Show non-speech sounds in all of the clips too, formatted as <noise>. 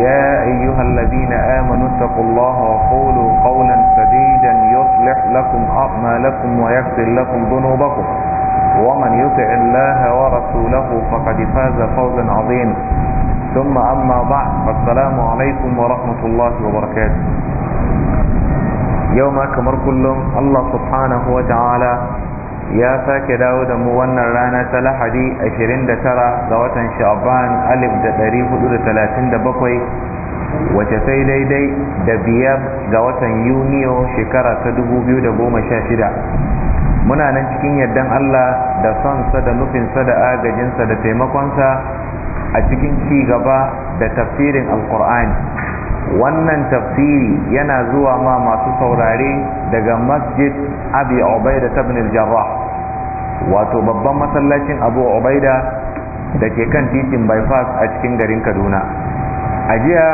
يا أيها الذين آمنوا اتقوا الله وقولوا قولا سديدا يصلح لكم أعمالكم ويغفر لكم ذنوبكم ومن يطع الله ورسوله فقد فاز فوزا عظيما ثم أما بعد فالسلام عليكم ورحمة الله وبركاته يوم أكبر كلهم الله سبحانه وتعالى ya sake dawo da mu wannan rana ta lahadi 29 ga watan sha'ban 1437 wace sai daidai da biyar ga watan yuniyo shekara ta 2016 muna nan cikin yardan allah da sonsa da nufinsa da agajinsa da taimakonsa a cikin ci gaba da tafsirin alkur'ani wannan tafsiri yana zuwa ma masu saurare daga masjid abi obaida da tabnil jarrah wato babban masallacin abu obaida da ke kan titin bypass a cikin garin kaduna a jiya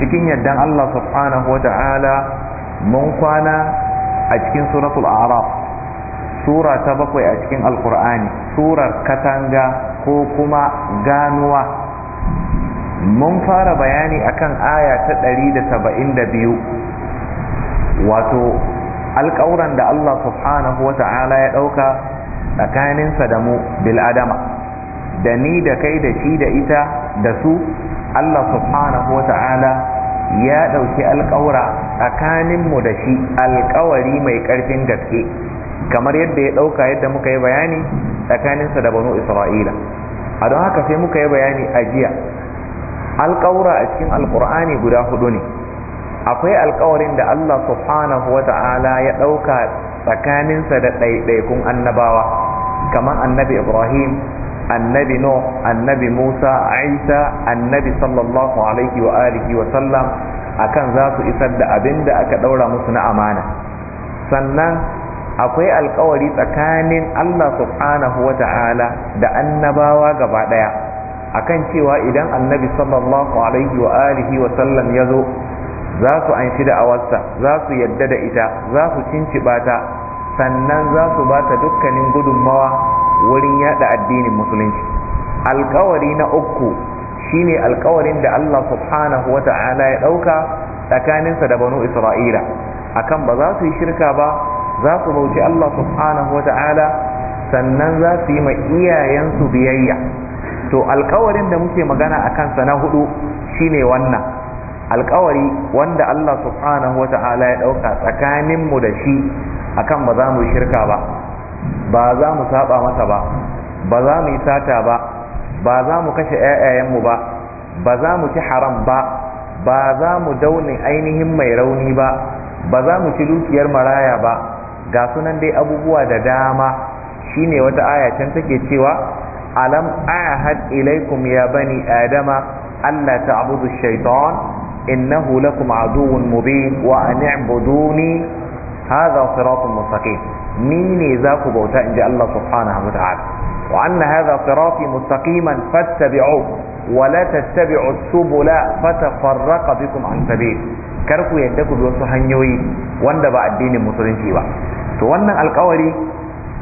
cikin yardan allah subhanahu wa ta'ala mun kwana a cikin suratul araf sura ta bakwai a cikin alkur'ani surar katanga ko kuma ganuwa mun fara bayani akan aya ta 172 wato alƙawuran da allah subhanahu wa ta'ala ya ɗauka tsakaninsa da mu bil adama da ni da kai da shi da ita da su Allah subhanahu wata'ala ya ɗauki alƙawura tsakaninmu da shi alƙawari mai ƙarfin gaske kamar yadda ya ɗauka yadda muka yi bayani tsakaninsa da banu isra'ila a don haka sai muka yi bayani a jiya alƙawura a cikin alƙur'ani guda hudu ne akwai alƙawarin da allah subhanahu wata'ala ta'ala ya ɗauka tsakaninsa da ɗaiɗaikun annabawa kamar annabi ibrahim annabi nuh annabi musa isa annabi sallallahu alaihi wa wa sallam akan za su isar da abin da aka ɗaura musu na amana sannan akwai alkawari tsakanin allah subhanahu wa ta'ala da annabawa gaba daya akan cewa idan annabi sallallahu alaihi wa wa sallam ya zo za su an shi da'awarsa za su yadda da ita za su cinci ta sannan za su baka dukkanin gudunmawa wurin yada addinin musulunci alkawari na uku shine alkawarin da Allah subhanahu wa ta'ala ya dauka tsakaninsa da banu isra'ila akan ba za su yi shirka ba za su bauci Allah subhanahu wa ta'ala sannan za su yi ma iyayensu biyayya to alkawarin da muke magana a kansa na hudu shine wannan alkawari wanda Allah subhanahu wa ta'ala ya ɗauka tsakaninmu da shi akan ba za mu yi shirka ba ba za mu saba masa ba ba za mu yi sata ba ba za mu kashe 'ya'yayenmu ba ba za mu ci haram ba ba za mu daunin ainihin mai rauni ba ba za mu ci dukiyar maraya ba ga sunan dai abubuwa da dama shine wata aya can take cewa alam ahad ilaikum ya bani adama Allah ta ta'budu shaitan إنه لكم عدو مبين وأن اعبدوني هذا صراط مستقيم نيني ذاك بوتا إن جاء الله سبحانه وتعالى وأن هذا صراطي مستقيما فاتبعوه ولا تتبعوا السبل فتفرق بكم عن سبيل karku yadda ku bi wasu hanyoyi wanda ba addinin musulunci ba to wannan alkawari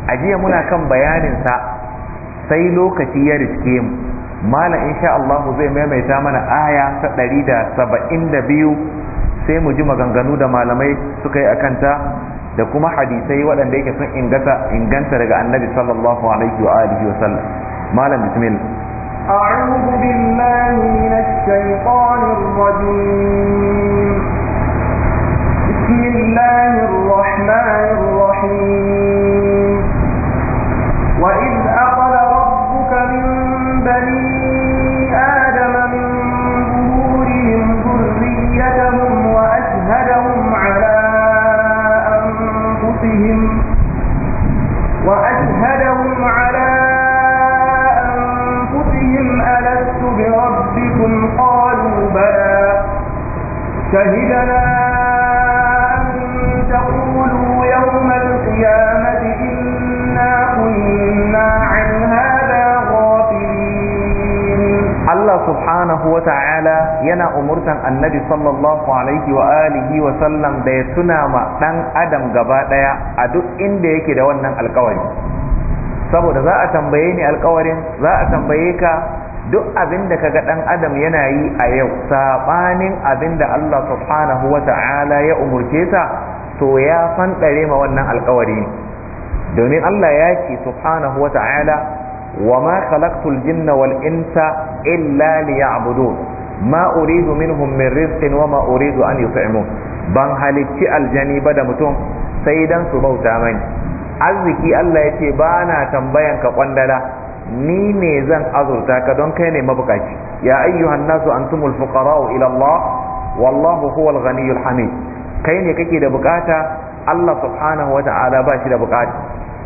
a jiya muna kan bayaninsa sai lokaci ya riske mu mala insha Allah zai maimaita mana aya ta 172 sai mu ji maganganu da malamai suka yi a kanta da kuma hadisai waɗanda yake sun inganta inganta daga annabi sallallahu alaihi wa alihi wa sallam malam bismillah أعوذ بالله من الشيطان الرجيم بسم الله الرحمن الرحيم وإذ أخذ ربك من بني شهدنا أن تقولوا يوم القيامة إنا كنا عن هذا غافلين الله سبحانه وتعالى yana umurtan annabi sallallahu alaihi wa alihi wa sallam da ya tuna ma dan adam gaba daya a duk inda yake da wannan alkawari saboda za a tambaye ni alkawarin za a tambaye ka duk abin da kaga dan adam yana yi a yau sabanin abin da Allah subhanahu wa ta'ala ya umurce ta, to ya fanɗare ma wannan alkawari domin Allah ya ce subhanahu wa ta'ala wa ma khalaqtul jinna wal insa illa liya'budun ma uridu minhum min rizqin wa ma uridu an yut'imun ban halicci aljani ba da mutum sai dan su bauta mani arziki Allah ya ce ba na tambayan ka kwandala ni ne zan azurta ka don kai ne mabukaci ya ayyuhan nasu antumul fuqara'u ila Allah wallahu huwal ghaniyyul hamid kai ne kake da bukata Allah subhanahu wata'ala ba shi da bukata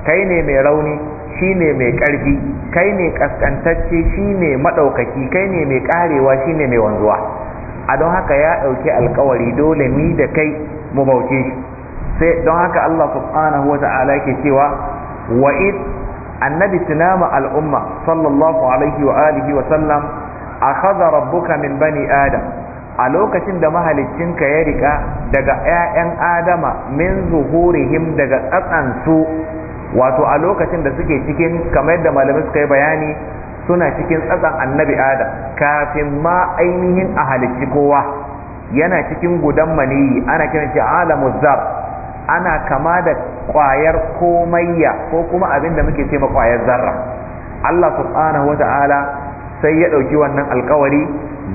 kai ne mai rauni shi ne mai karfi kai ne kaskantacce shi ne madaukaki kai ne mai karewa shi ne mai wanzuwa a don haka ya dauki alkawari dole ni da kai mu bauce shi sai don haka Allah subhanahu wata'ala yake cewa wa annabi tunama al'umma sallallahu alaihi wa alihi wa sallam akhadha rabbuka min bani adam a lokacin da ka ya rika daga 'ya'yan adama min zuhurihim daga tsatsansu wato a lokacin da suke cikin kamar yadda malamai suka yi bayani suna cikin tsatsan annabi adam kafin ma ainihin a halicci kowa yana cikin gudan maniyi ana kiran shi alamu zab ana kama da kwayar komayya ko kuma abin da muke ce ma kwayar zarra Allah subhanahu wa ta'ala sai ya ɗauki wannan alkawari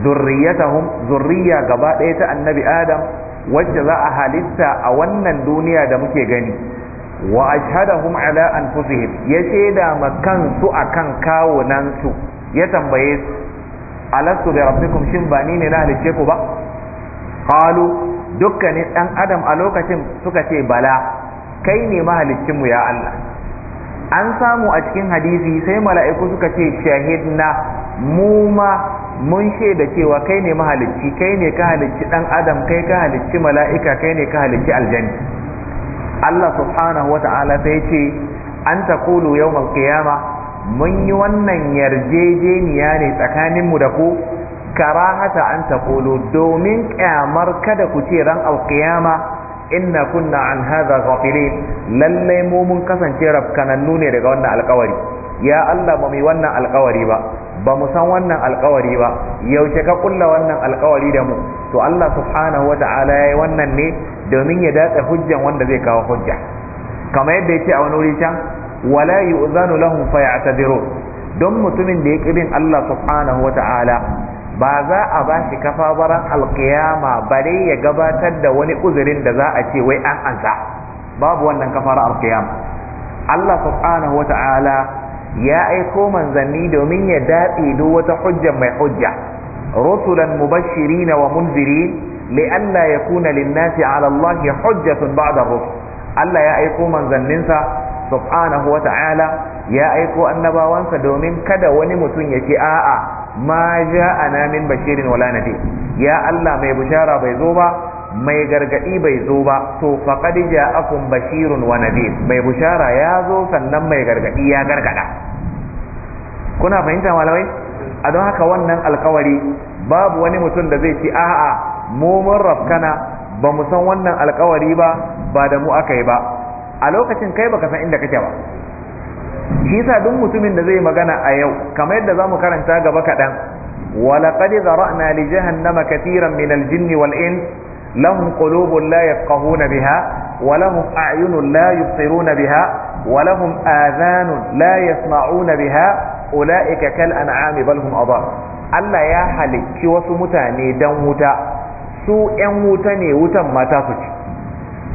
zurriyatahum zurriya gaba ɗaya ta annabi adam wacce za a halitta a wannan duniya da muke gani wa ashhadahum ala anfusihim ya shaida ma kansu akan su, ya tambaye su alastu bi rabbikum shin ba ni ne na halicce ku ba qalu dukkanin dan adam a lokacin suka ce bala kai ne mu ya Allah an samu a cikin hadisi sai mala'iku suka ce shahidna mu ma mun shaida cewa kai ne mahalicci kai ne ka halicci dan adam kai ka halicci mala'ika kai ne ka halicci aljanni Allah subhanahu wata'ala sai ce an ta kulu yawmal qiyama mun yi wannan yarjejeniya ne tsakaninmu da ku karahata an ta kulu domin kyamar kada ku ce ran alqiyama inna kunna an hadha ghafilin lalle mu mun kasance rafkanannu ne daga wannan alkawari ya Allah ba mu wannan alkawari ba ba mu san wannan alkawari ba yaushe ka kulla wannan alkawari da mu to Allah subhanahu wa ta'ala yayi wannan ne domin ya datsa hujjan wanda zai kawo hujja kamar yadda ce a wani wuri can wala yu'zanu lahum fayatadiru don mutumin da ya kirin Allah subhanahu wa ta'ala ba za a ba shi kafa baran alkiyama bare ya gabatar da wani uzurin da za a ce wai an ansa babu wannan kafara alkiyama Allah subhanahu wa ta'ala ya aiko manzanni domin ya datse duk wata hujja mai hujja rusulan mubashirina wa munziri li'alla yakuna lin-nasi 'ala Allah hujjatun ba'da rusul Allah ya aiko manzanninsa subhanahu wata'ala ya aiko annabawansa domin kada wani mutum ya ce a'a ma ja ana min bashirin wala ya Allah mai bishara bai zo ba mai gargadi bai zo ba to faqad ja'akum bashirun wa nadir mai bushara ya zo sannan mai gargadi ya gargada kuna fahimta malamai a don haka wannan alkawari babu wani mutum da zai ce a'a mu mun rafkana ba mu san wannan alkawari ba ba da mu aka yi ba a lokacin kai baka san inda kake ba shi yasa duk mutumin da zai magana a yau kamar yadda za mu karanta gaba kaɗan. wala qad zara'na li jahannama katiran minal al jinni wal in lahum qulubun la yafqahuna biha wa lahum a'yunun la yubsiruna biha wa adhanun la biha ulaika kal an'ami bal hum adha Allah ya halicci wasu mutane dan wuta su ƴan wuta ne wutan mata su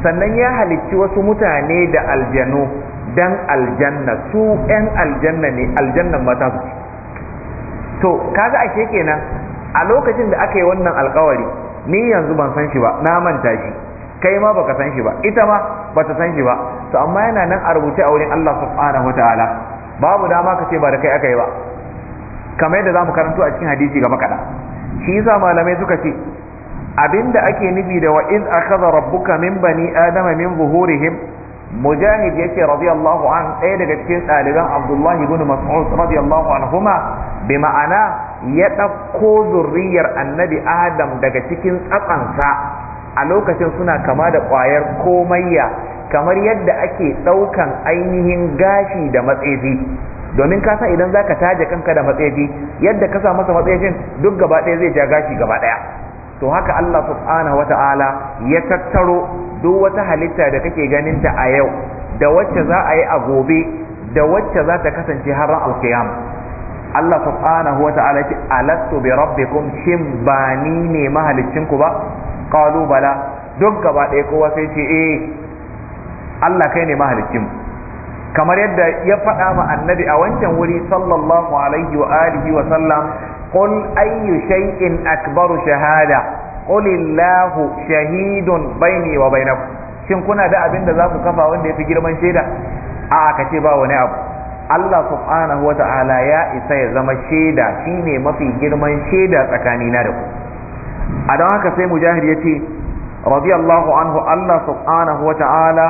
sannan ya halicci wasu mutane da aljanu dan aljanna su 'yan aljanna ne aljannan mata su to kaga ashe kenan a lokacin da aka yi wannan alkawari ni yanzu ban san shi ba na manta shi kai ma baka san shi ba ita ma bata san shi ba to amma yana nan a rubuce a wurin Allah subhanahu wataala babu dama ka ce ba da kai aka yi ba kamar yadda mu karanto a cikin hadisi gaba kada shi yasa malamai suka ce abinda ake nufi da wa iz akhadha rabbuka min bani adama min zuhurihim mujahid yace radiyallahu an ɗaya daga cikin ɗaliban abdullahi ibn mas'ud radiyallahu anhuma bi ma'ana ya ɗauko zurriyar annabi adam daga cikin tsatsansa a lokacin suna kama da ƙwayar komayya kamar yadda ake ɗaukan ainihin gashi da matsefi domin ka san idan zaka taje kanka da matsefi yadda ka sa masa matsefin duk gaba ɗaya zai ja gashi gaba ɗaya to haka Allah subhanahu wata'ala ya tattaro duk wata halitta da kake ganinta a yau da wacce za a yi a gobe da wacce za ta kasance har ran alkiyama Allah subhanahu wata'ala ce alastu bi rabbikum shin ba ni ne mahalicin ku ba qalu bala duk gaba ɗaya kowa sai ce eh Allah kai ne mahalicin kamar yadda ya faɗa ma annabi a wancan wuri sallallahu alaihi wa alihi wa sallam قل أي شيء أكبر شهادة قل الله شهيد بيني وبينكم shin kuna da abin da za ku kafa wanda ya fi girman shaida a aka ce ba wani abu Allah subhanahu wata'ala ya isa ya zama shaida shine mafi girman shaida tsakanina da ku a don haka sai mujahid ya ce radiyallahu anhu Allah subhanahu wata'ala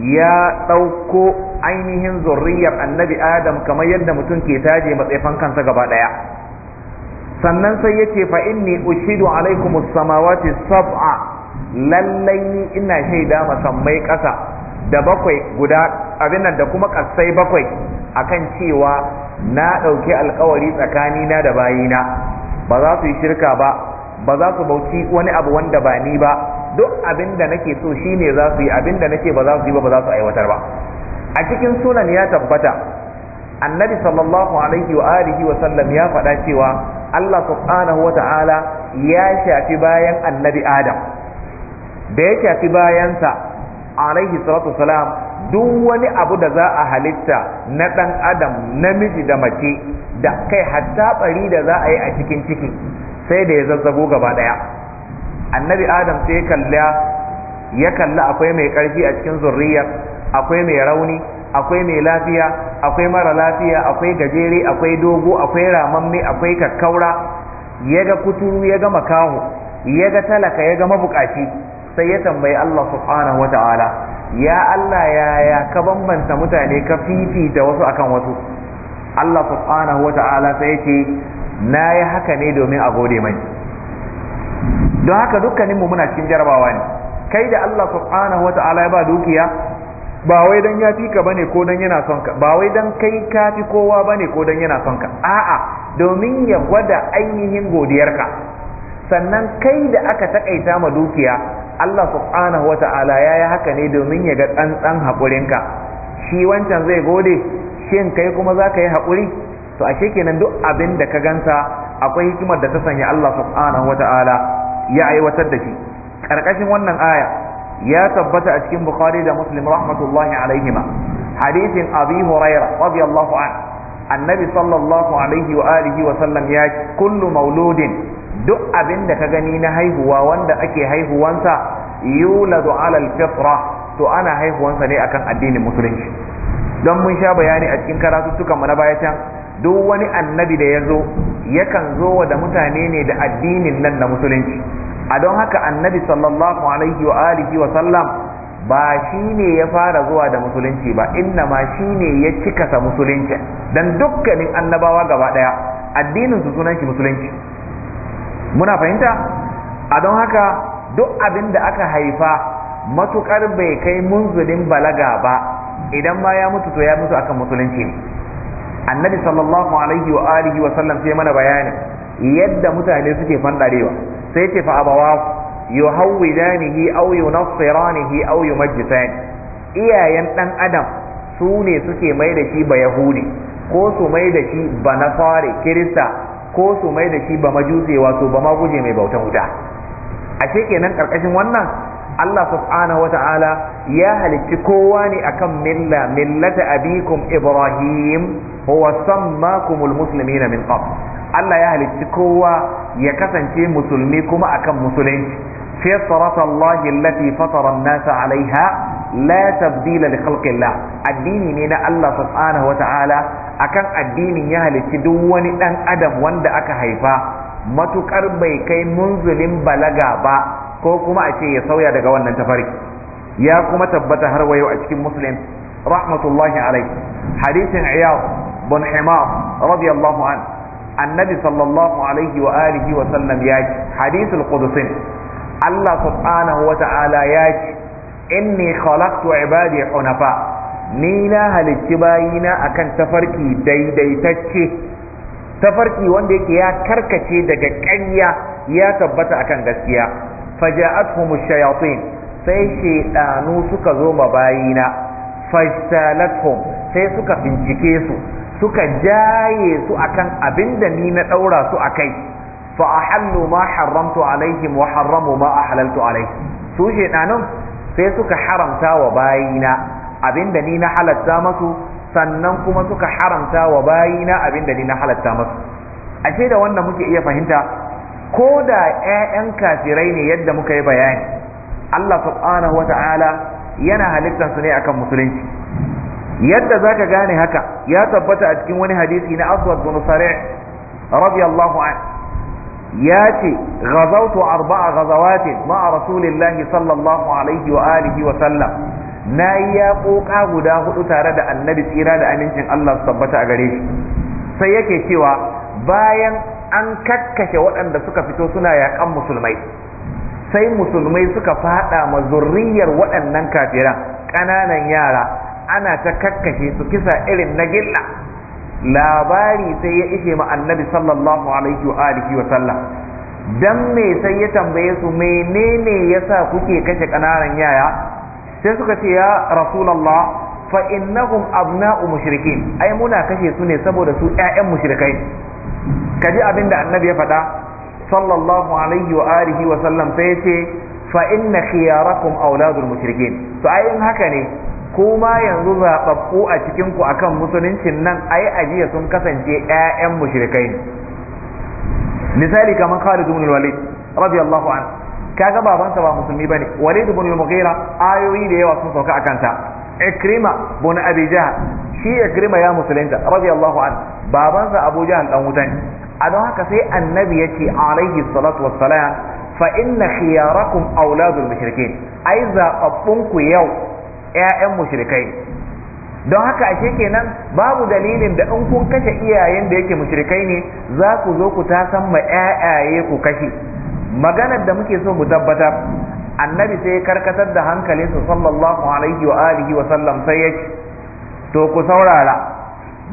ya ɗauko ainihin zurriyar annabi adam kamar yadda mutum ke taje matsaifan kansa gaba ɗaya sannan sai yace fa inni ushidu alaikum as-samawati sab'a lallai ni ina shaida masammai kasa da bakwai guda abin da kuma kasai bakwai akan cewa na ɗauki alkawari tsakanina da bayina ba za su yi shirka ba ba za su bauci wani abu wanda ba ni ba duk abin da nake so shine za su yi abin da nake ba za su yi ba ba za su aiwatar ba a cikin sunan ya tabbata annabi sallallahu alaihi wa alihi wa sallam ya faɗa cewa Allah subhanahu wa ta'ala ya shafi bayan annabi Adam da ya shafi bayansa alaihi salatu salam duk wani abu da za a halitta na ɗan adam namiji da mace da kai hatta ɓari da za a yi a cikin ciki sai da ya zazzago gaba ɗaya annabi adam sai ya kalla akwai mai ƙarfi a cikin zurriyar akwai mai rauni akwai mai lafiya akwai mara lafiya akwai gajere akwai dogo akwai ramamme akwai kakkaura ya ga kuturu ya ga makaho ya ga talaka ya ga mabukaci sai ya tambayi Allah subhanahu wa ta'ala ya Allah yaya ka bambanta mutane ka da wasu akan wasu Allah subhanahu wa ta'ala sai ya ce na yi haka ne domin a gode mai don haka dukkaninmu muna cikin jarabawa ne kai da Allah subhanahu wa ta'ala ya ba dukiya ba wai dan ya fi ka bane ko dan yana son ka ba wai dan kai ka fi kowa bane ko dan yana son ka a'a domin ya gwada ainihin ka. sannan kai da aka takaita ma dukiya Allah subhanahu wata'ala ya yi haka ne domin ya ga tsantsan ka. shi wancan zai gode shin kai kuma za ka yi haƙuri to ashe kenan duk abin da ka gansa akwai hikimar da ta sanya Allah subhanahu wata'ala ya aiwatar da shi ƙarƙashin wannan aya ya tabbata a cikin bukhari da muslim rahmatullahi alaihima hadisin abi huraira radiyallahu an annabi sallallahu alaihi wa alihi wa sallam ya kullu mauludin duk abin da ka gani na haihuwa wanda ake haihuwansa yuladu ala alfitra to ana haihuwansa ne akan addinin musulunci don mun sha bayani a cikin karatuttukan mu na baya can duk wani annabi da ya zo yakan zo da mutane ne da addinin nan na musulunci a don haka annabi sallallahu alaihi wa alihi wa sallam ba shi ne ya fara zuwa da musulunci ba inna ma shi ne ya cikasa musulunci dan dukkanin annabawa gaba daya addinin su sunan shi musulunci muna fahimta a don haka duk abin da aka haifa matukar bai kai munzulin balaga ba idan ma ya mutu to ya mutu akan musulunci ne annabi sallallahu alaihi wa alihi wa sallam sai mana bayani yadda mutane suke fandarewa sai ce fa abawa yuhawwidanihi aw yunassiranihi aw yumajjisan iyayen dan adam su ne suke mai da shi ba yahudi ko su mai da shi ba na fare kirista ko su mai da shi ba majuse wato ba maguje mai bautan wuta ashe kenan karkashin wannan Allah subhanahu wa ta'ala ya halicci kowa ne akan milla millata abikum ibrahim huwa sammakumul muslimina min qabl Allah ya halicci kowa ya kasance musulmi kuma akan musulunci fitrat Allah allati fatara an-nasa 'alayha la tabdila li khalqillah addini ne na Allah subhanahu wata'ala akan addinin ya halicci duk wani dan adam wanda aka haifa matukar bai kai munzulin balaga ba ko kuma a ce ya sauya daga wannan tafarki ya kuma tabbata har wayo a cikin muslim rahmatullahi alaihi hadisin iyad bin himar radiyallahu anhu annabi sallallahu alaihi wa alihi wa sallam ya ce hadisul qudusin Allah subhanahu wa ta'ala ya ce inni khalaqtu ibadi hunafa ni na halicci bayina akan tafarki daidaitacce tafarki wanda yake ya karkace daga ƙarya ya tabbata akan gaskiya faja'atuhum shayatin sai shedanu suka zo ma bayina fajtalathum sai suka bincike su suka jaye su akan abin da ni na ɗaura su a kai fa hallu ma haramtu alaihim wa haramu ma halaltu alaihim su shedanun sai suka haramta wa bayina abin da ni na halatta masu sannan kuma suka haramta wa bayina abin da ni na halatta masu ashe da wannan muke iya fahimta ko da 'ya'yan kafirai ne yadda muka yi bayani Allah subhanahu wata'ala yana halittar su ne akan musulunci yadda za ka gane haka ya tabbata a cikin wani hadisi na aswad bin sari' radiyallahu an ya ce ghazawtu arba'a ghazawatin ma'a rasulillahi sallallahu alaihi wa alihi wa sallam na yi ya guda hudu tare da annabi tsira da amincin Allah su tabbata a gare shi sai yake cewa bayan an kakkashe waɗanda suka fito suna yaƙan musulmai sai musulmai suka fada ma zurriyar waɗannan kafiran ƙananan yara ana ta kakkashe su kisa irin na gilla labari sai ya ishe ma annabi sallallahu alaihi wa alihi wa sallam dan me sai ya tambaye su menene yasa kuke kashe kananan yaya sai suka ce ya rasulullah fa innahum abna'u mushrikin ai muna kashe su ne saboda su ƴaƴan mushrikai kaji abin da annabi ya faɗa sallallahu alaihi wa alihi wa sallam sai ya ce fa inna khiyarakum auladul mushrikin to ai in haka ne kuma yanzu zaɓaɓɓu a cikinku akan musuluncin nan ai ajiya sun kasance 'ya'yan mushrikai misali kamar Khalid ibn Walid radiyallahu anhu kaga babansa ba musulmi bane Walid ibn Mughira ayoyi da yawa sun sauka a kanta. Ikrima ibn Abi Jahl shi Ikrima ya musulunta radiyallahu anhu babansa Abu Jahl dan wuta ne a don haka sai annabi yace alaihi salatu wassalam fa inna khiyarakum auladul mushrikin ai zaɓaɓɓunku yau 'ya'yan mushrikai don haka ashe kenan babu dalilin da in kun kashe iyayen da yake mushrikai ne za ku zo ku tasan ma ƴaƴaye ku kashe maganar da muke so mu tabbatar annabi sai karkatar da hankalinsa sallallahu alaihi wa alihi wa sallam sai ya ce to ku saurara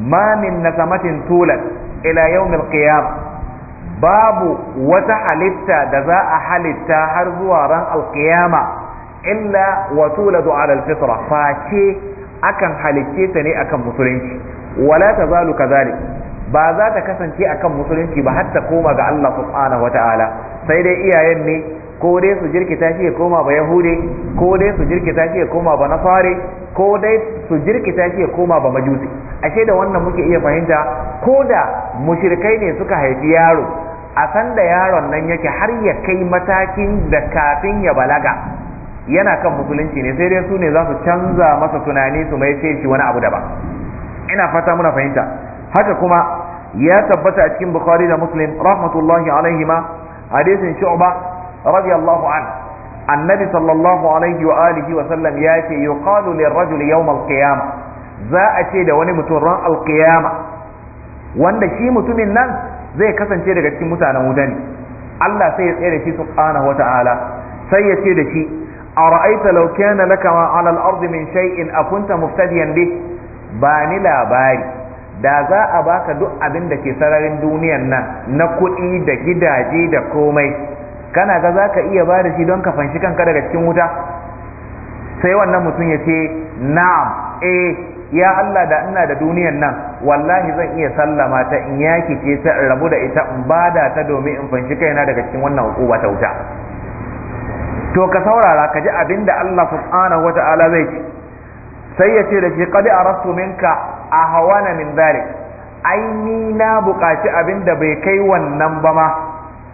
ma min nasamatin tulat ila yawmil qiyam babu wata halitta da za a halitta har zuwa ran alqiyama illa wa tuladu ala alfitra face akan halicce ta ne akan musulunci wala tazalu kadhalik ba za ta kasance akan musulunci ba har ta koma ga Allah subhanahu wataala sai dai iyayen ne ko dai su jirkita shi ya koma ba yahude ko dai su jirkita shi ya koma ba nasare ko dai su jirkita shi ya koma ba majusi ashe da wannan muke iya fahimta ko da mushrikai ne suka haifi yaro a san da yaron nan yake har ya kai matakin da kafin ya balaga yana kan musulunci ne sai dai su ne za su canza masa tunani su mai sai shi wani abu daban ina fata muna fahimta haka kuma ya tabbata a cikin bukhari da muslim rahmatullahi alaihi ma hadisin shu'ba radiyallahu an annabi sallallahu alaihi wa alihi wa sallam ya ce yuqalu lirrajuli yawm alqiyama za a ce da wani mutum ran alqiyama wanda shi mutumin nan zai kasance daga cikin mutanen wuta Allah sai ya tsaye da shi subhanahu wata'ala sai ya ce da shi ara'aita law kana laka ma 'ala al-ardi min shay'in akunta muftadiyan bi ba ni labari da za a baka duk abin da ke sararin duniyan nan na kuɗi da gidaje da komai kana ga za ka iya ba da shi don ka fanshi kanka daga cikin wuta sai wannan mutum ya ce na'am eh ya Allah da ina da duniyan nan wallahi zan iya sallama ta in yaki ce ta in rabu da ita in bada ta domin in fanshi kaina daga cikin wannan hukuma ta wuta to ka saurara ka ji abin da Allah subhanahu wata'ala zai ce sai ya ce da shi a a minka na min dhalik ai ni na buƙaci abin da bai kai wannan ba ma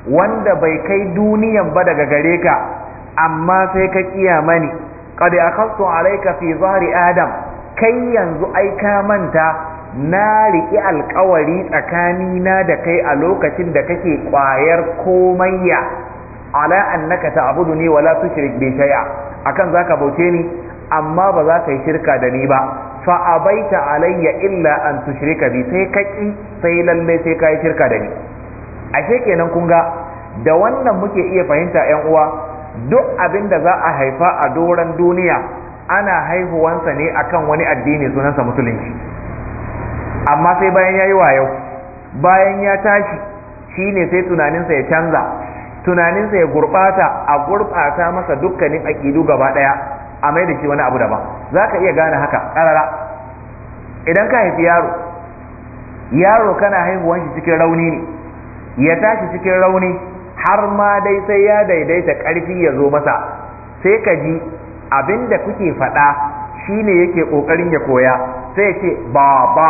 wanda bai kai duniyan ba daga gare ka amma sai ka kiya mani a kasu alaika fi adam kai yanzu ai ka manta na riƙi alƙawari tsakanina da kai a lokacin da kake ƙwayar komayya ala annaka ta'buduni wa la tushrik bi shay'a akan zaka bauce ni amma ba za ka yi shirka da ni ba fa abaita alayya illa an tushrika bi sai kaki sai lalle sai ka yi shirka da ni ashe kenan kun ga da wannan muke iya fahimta yan uwa duk abin da za a haifa a doran duniya ana haihuwansa ne akan wani addini sunansa musulunci amma sai bayan ya yi wayo bayan ya tashi shine sai tunaninsa ya canza tunaninsa ya gurɓata a gurɓata masa dukkanin aƙidu gaba ɗaya a mai da shi wani abu daban za ka iya gane haka ƙarara idan ka haifi yaro yaro kana haihuwar shi cikin rauni ne ya tashi cikin rauni har ma dai sai ya daidaita ƙarfi ya zo masa sai ka ji abinda kuke faɗa shine yake ƙoƙarin ya koya sai ya ce baba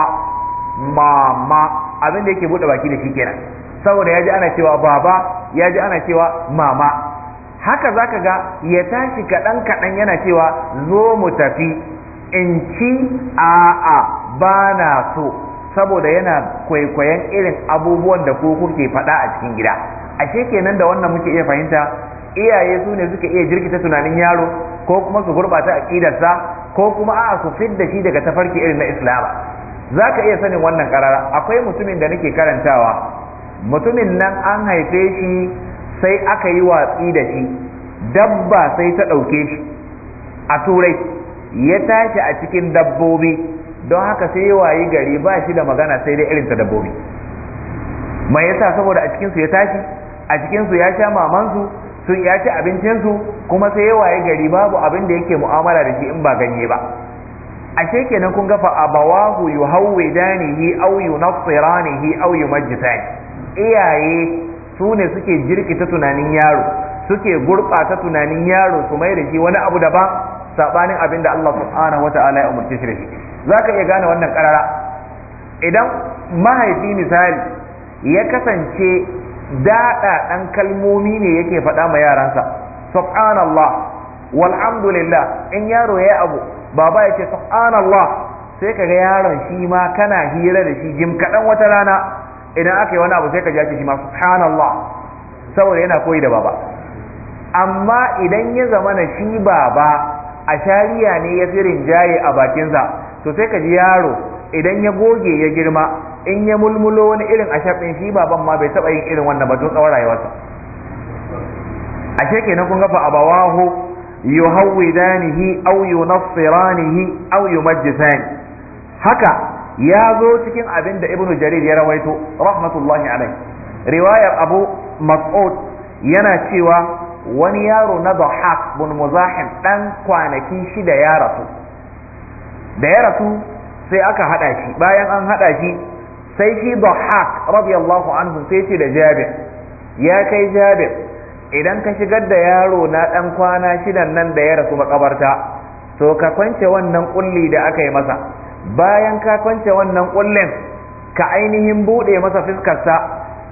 mama abin da yake buɗe baki da shi kenan saboda ya ji ana cewa baba ya ji ana cewa mama haka za ka ga ya tashi kaɗan kaɗan yana cewa zo mu tafi in ci a'a ba na so saboda yana kwaikwayon irin abubuwan da ko kuke faɗa a cikin gida ashe kenan da wannan muke iya fahimta iyaye su ne suke iya jirkita tunanin yaro ko kuma su gurɓata aƙidarsa ko kuma a'a su fidda shi daga tafarki irin na islama za ka iya sanin wannan karara akwai mutumin da nake karantawa mutumin nan an haife shi sai aka yi watsi da shi dabba sai ta ɗauke shi a turai ya tashi a cikin dabbobi don haka sai ya wayi gari ba shi da magana sai dai irin ta dabbobi mai yasa saboda a cikinsu ya tashi a cikinsu ya sha mamansu sun ya ci abincinsu kuma sai ya waye gari babu abin da yake mu'amala da shi in ba ganye ba ashe kenan kun ga fa abawahu yuhawwidanihi aw yunassiranihi aw yumajjitani iyaye su ne suke jirkita tunanin yaro suke gurɓata tunanin yaro su mai da shi wani abu daban sabanin abin da Allah subhanahu wa ta'ala ya umarci shi da shi zaka iya gane wannan karara idan mahaifi misali ya kasance daɗa ɗan kalmomi ne yake faɗa ma yaransa subhanallah walhamdulillah in yaro ya abu baba ya ce subhanallah sai kaga yaron shi ma kana hira da shi jim kaɗan wata rana idan aka yi wani abu sai ka ji shi ma subhanallah saboda yana koyi da baba amma idan ya zama na shi baba a shari'a ne ya fi rinjaye a bakinsa to sai ka ji yaro idan ya goge ya girma in ya mulmulo wani irin a shafin shi baban ma bai taɓa yin irin wannan ba tun tsawon rayuwarsa ashe kenan kun ga fa abawahu yuhawwidanihi aw yunassiranihi aw yumajjisani haka ya zo cikin abin da ibnu jarir ya rawaito rahmatullahi alai riwayar abu mas'ud yana cewa wani yaro na dhahak bin muzahim dan kwanaki shida ya rasu da ya rasu sai aka hada shi bayan an hada shi sai shi dhahak radiyallahu anhu sai ce da jabir ya kai jabir idan ka shigar da yaro na dan kwana shidan nan da ya rasu makabarta to ka kwance wannan kulli da aka yi masa bayan ka kwance wannan kullin ka ainihin bude masa fiskarsa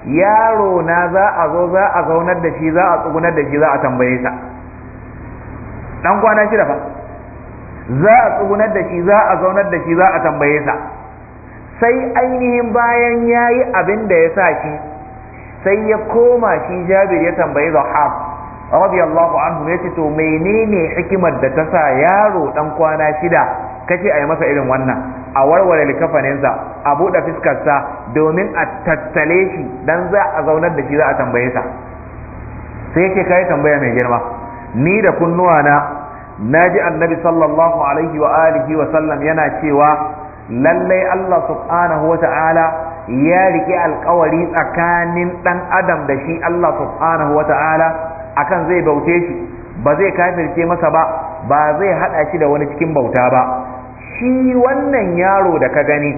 yaro na za a zo za a zaunar da shi za a tsugunar da shi za a tambaye sa dan kwana shida fa za a tsugunar da shi za a zaunar da shi za a tambaye sa sai ainihin bayan ya yi abin da ya sa shi sai ya koma shi jabir ya tambayi zahab radiyallahu anhu ya ce to menene hikimar da ta sa yaro dan kwana shida kace a yi masa irin wannan a warware likafaninsa a buɗe fiskarsa domin a tattale shi dan za a zaunar da shi za a tambaye sa sai yake kai tambaya mai girma ni da kunnuwa na ji annabi sallallahu alaihi wa alihi wa sallam yana cewa lallai Allah subhanahu wa ta'ala ya rike alkawari tsakanin dan adam da shi Allah subhanahu wa ta'ala akan zai bauce shi ba zai kafirce masa ba ba zai hada shi da wani cikin bauta ba shi wannan yaro da ka gani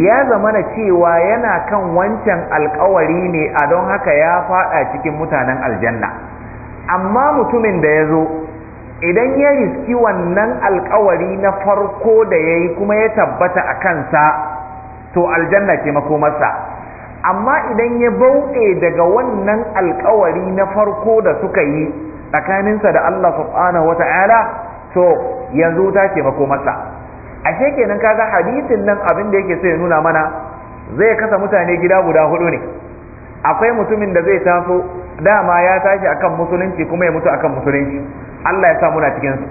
ya zama na cewa yana kan wancan alkawari ne a don haka ya fada cikin mutanen aljanna amma mutumin da ya zo idan ya riski wannan alkawari na farko da ya yi kuma ya tabbata a kansa to aljanna ke makomarsa amma idan ya bauɗe daga wannan alkawari na farko da suka yi tsakaninsa da Allah subhanahu wata'ala to yanzu ta taimako makomarsa ashe kenan kaga hadisin nan abin da yake so ya nuna mana zai kasa mutane gida guda hudu ne akwai mutumin da zai taso dama ya tashi akan musulunci kuma ya mutu akan musulunci Allah ya sa muna cikin su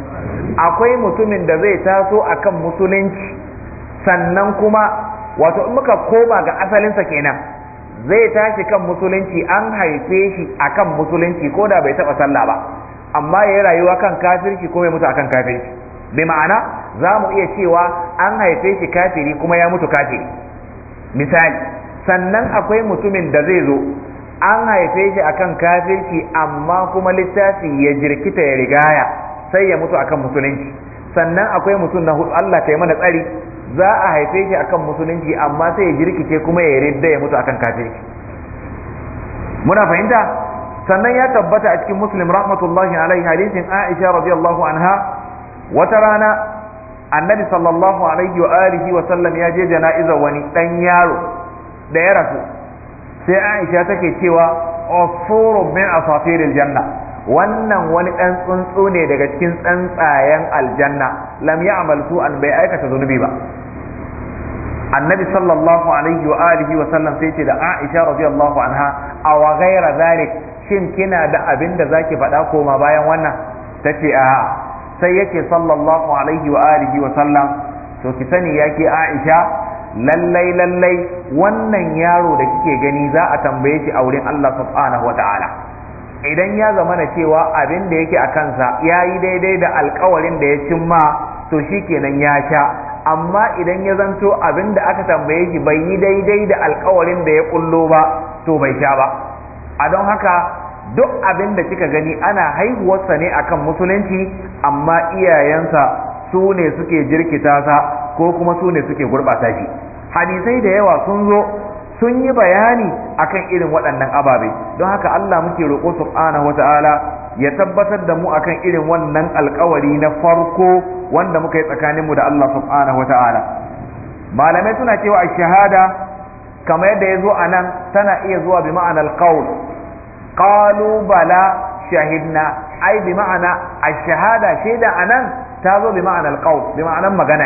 akwai mutumin da zai taso akan musulunci sannan kuma wato in muka koma ga asalinsa kenan zai tashi kan musulunci an haife shi akan musulunci ko da bai taba sallah ba amma ya rayuwa kan kafirci ko ya mutu akan kafirci bi ma'ana za mu iya cewa an haife shi kafiri kuma ya mutu kafiri misali sannan akwai mutumin da zai zo an haife shi akan kafirci amma kuma littafi ya jirkita ya rigaya sai ya mutu akan musulunci sannan akwai mutum na hudu Allah ta yi mana tsari za a haife shi akan musulunci amma sai ya jirkice kuma ya ridda ya mutu akan kafirci muna fahimta sannan ya tabbata a cikin muslim rahmatullahi alaihi hadisin aisha radiyallahu anha wata rana annabi sallallahu alaihi wa alihi wa sallam ya je jana'izar wani dan yaro da ya rasu sai Aisha take cewa usfurun min asatiril janna wannan wani dan tsuntsu ne daga cikin tsantsayen aljanna lam ya'mal su'an bai aikata zunubi ba annabi sallallahu alaihi wa alihi wa sallam sai ce da Aisha radiyallahu anha aw ghaira zalik shin kina da abin da zaki faɗa koma bayan wannan tace a'a sai yake sallallahu alaihi wa alihi wa sallam to ki sani yake Aisha lallai lallai wannan yaro da kike gani za a tambaye shi a wurin Allah subhanahu wa ta'ala idan ya zama na cewa abin da yake a kansa ya yi daidai da alkawarin da ya cimma to shi kenan ya sha amma idan ya zanto abin da aka tambaye shi bai yi daidai da alkawarin da ya kullo ba to bai sha ba a don haka duk abin da kika gani ana haihuwarsa ne akan musulunci amma iyayensa su ne suke jirkita sa ko kuma su ne suke gurɓata shi hadisai da yawa sun zo sun yi bayani akan irin waɗannan ababe don haka Allah muke roƙo subhanahu wata'ala ya tabbatar da mu akan irin wannan alkawari na farko wanda muka yi tsakanin mu da Allah subhanahu wata'ala malamai suna cewa a shahada kamar yadda ya zo a nan tana iya zuwa bi ma'anar qawl Ƙalubala bala shahidna ai bi ma'ana ash-shahada shaida anan ta zo bi ma'anar al-qawl bi ma'anan magana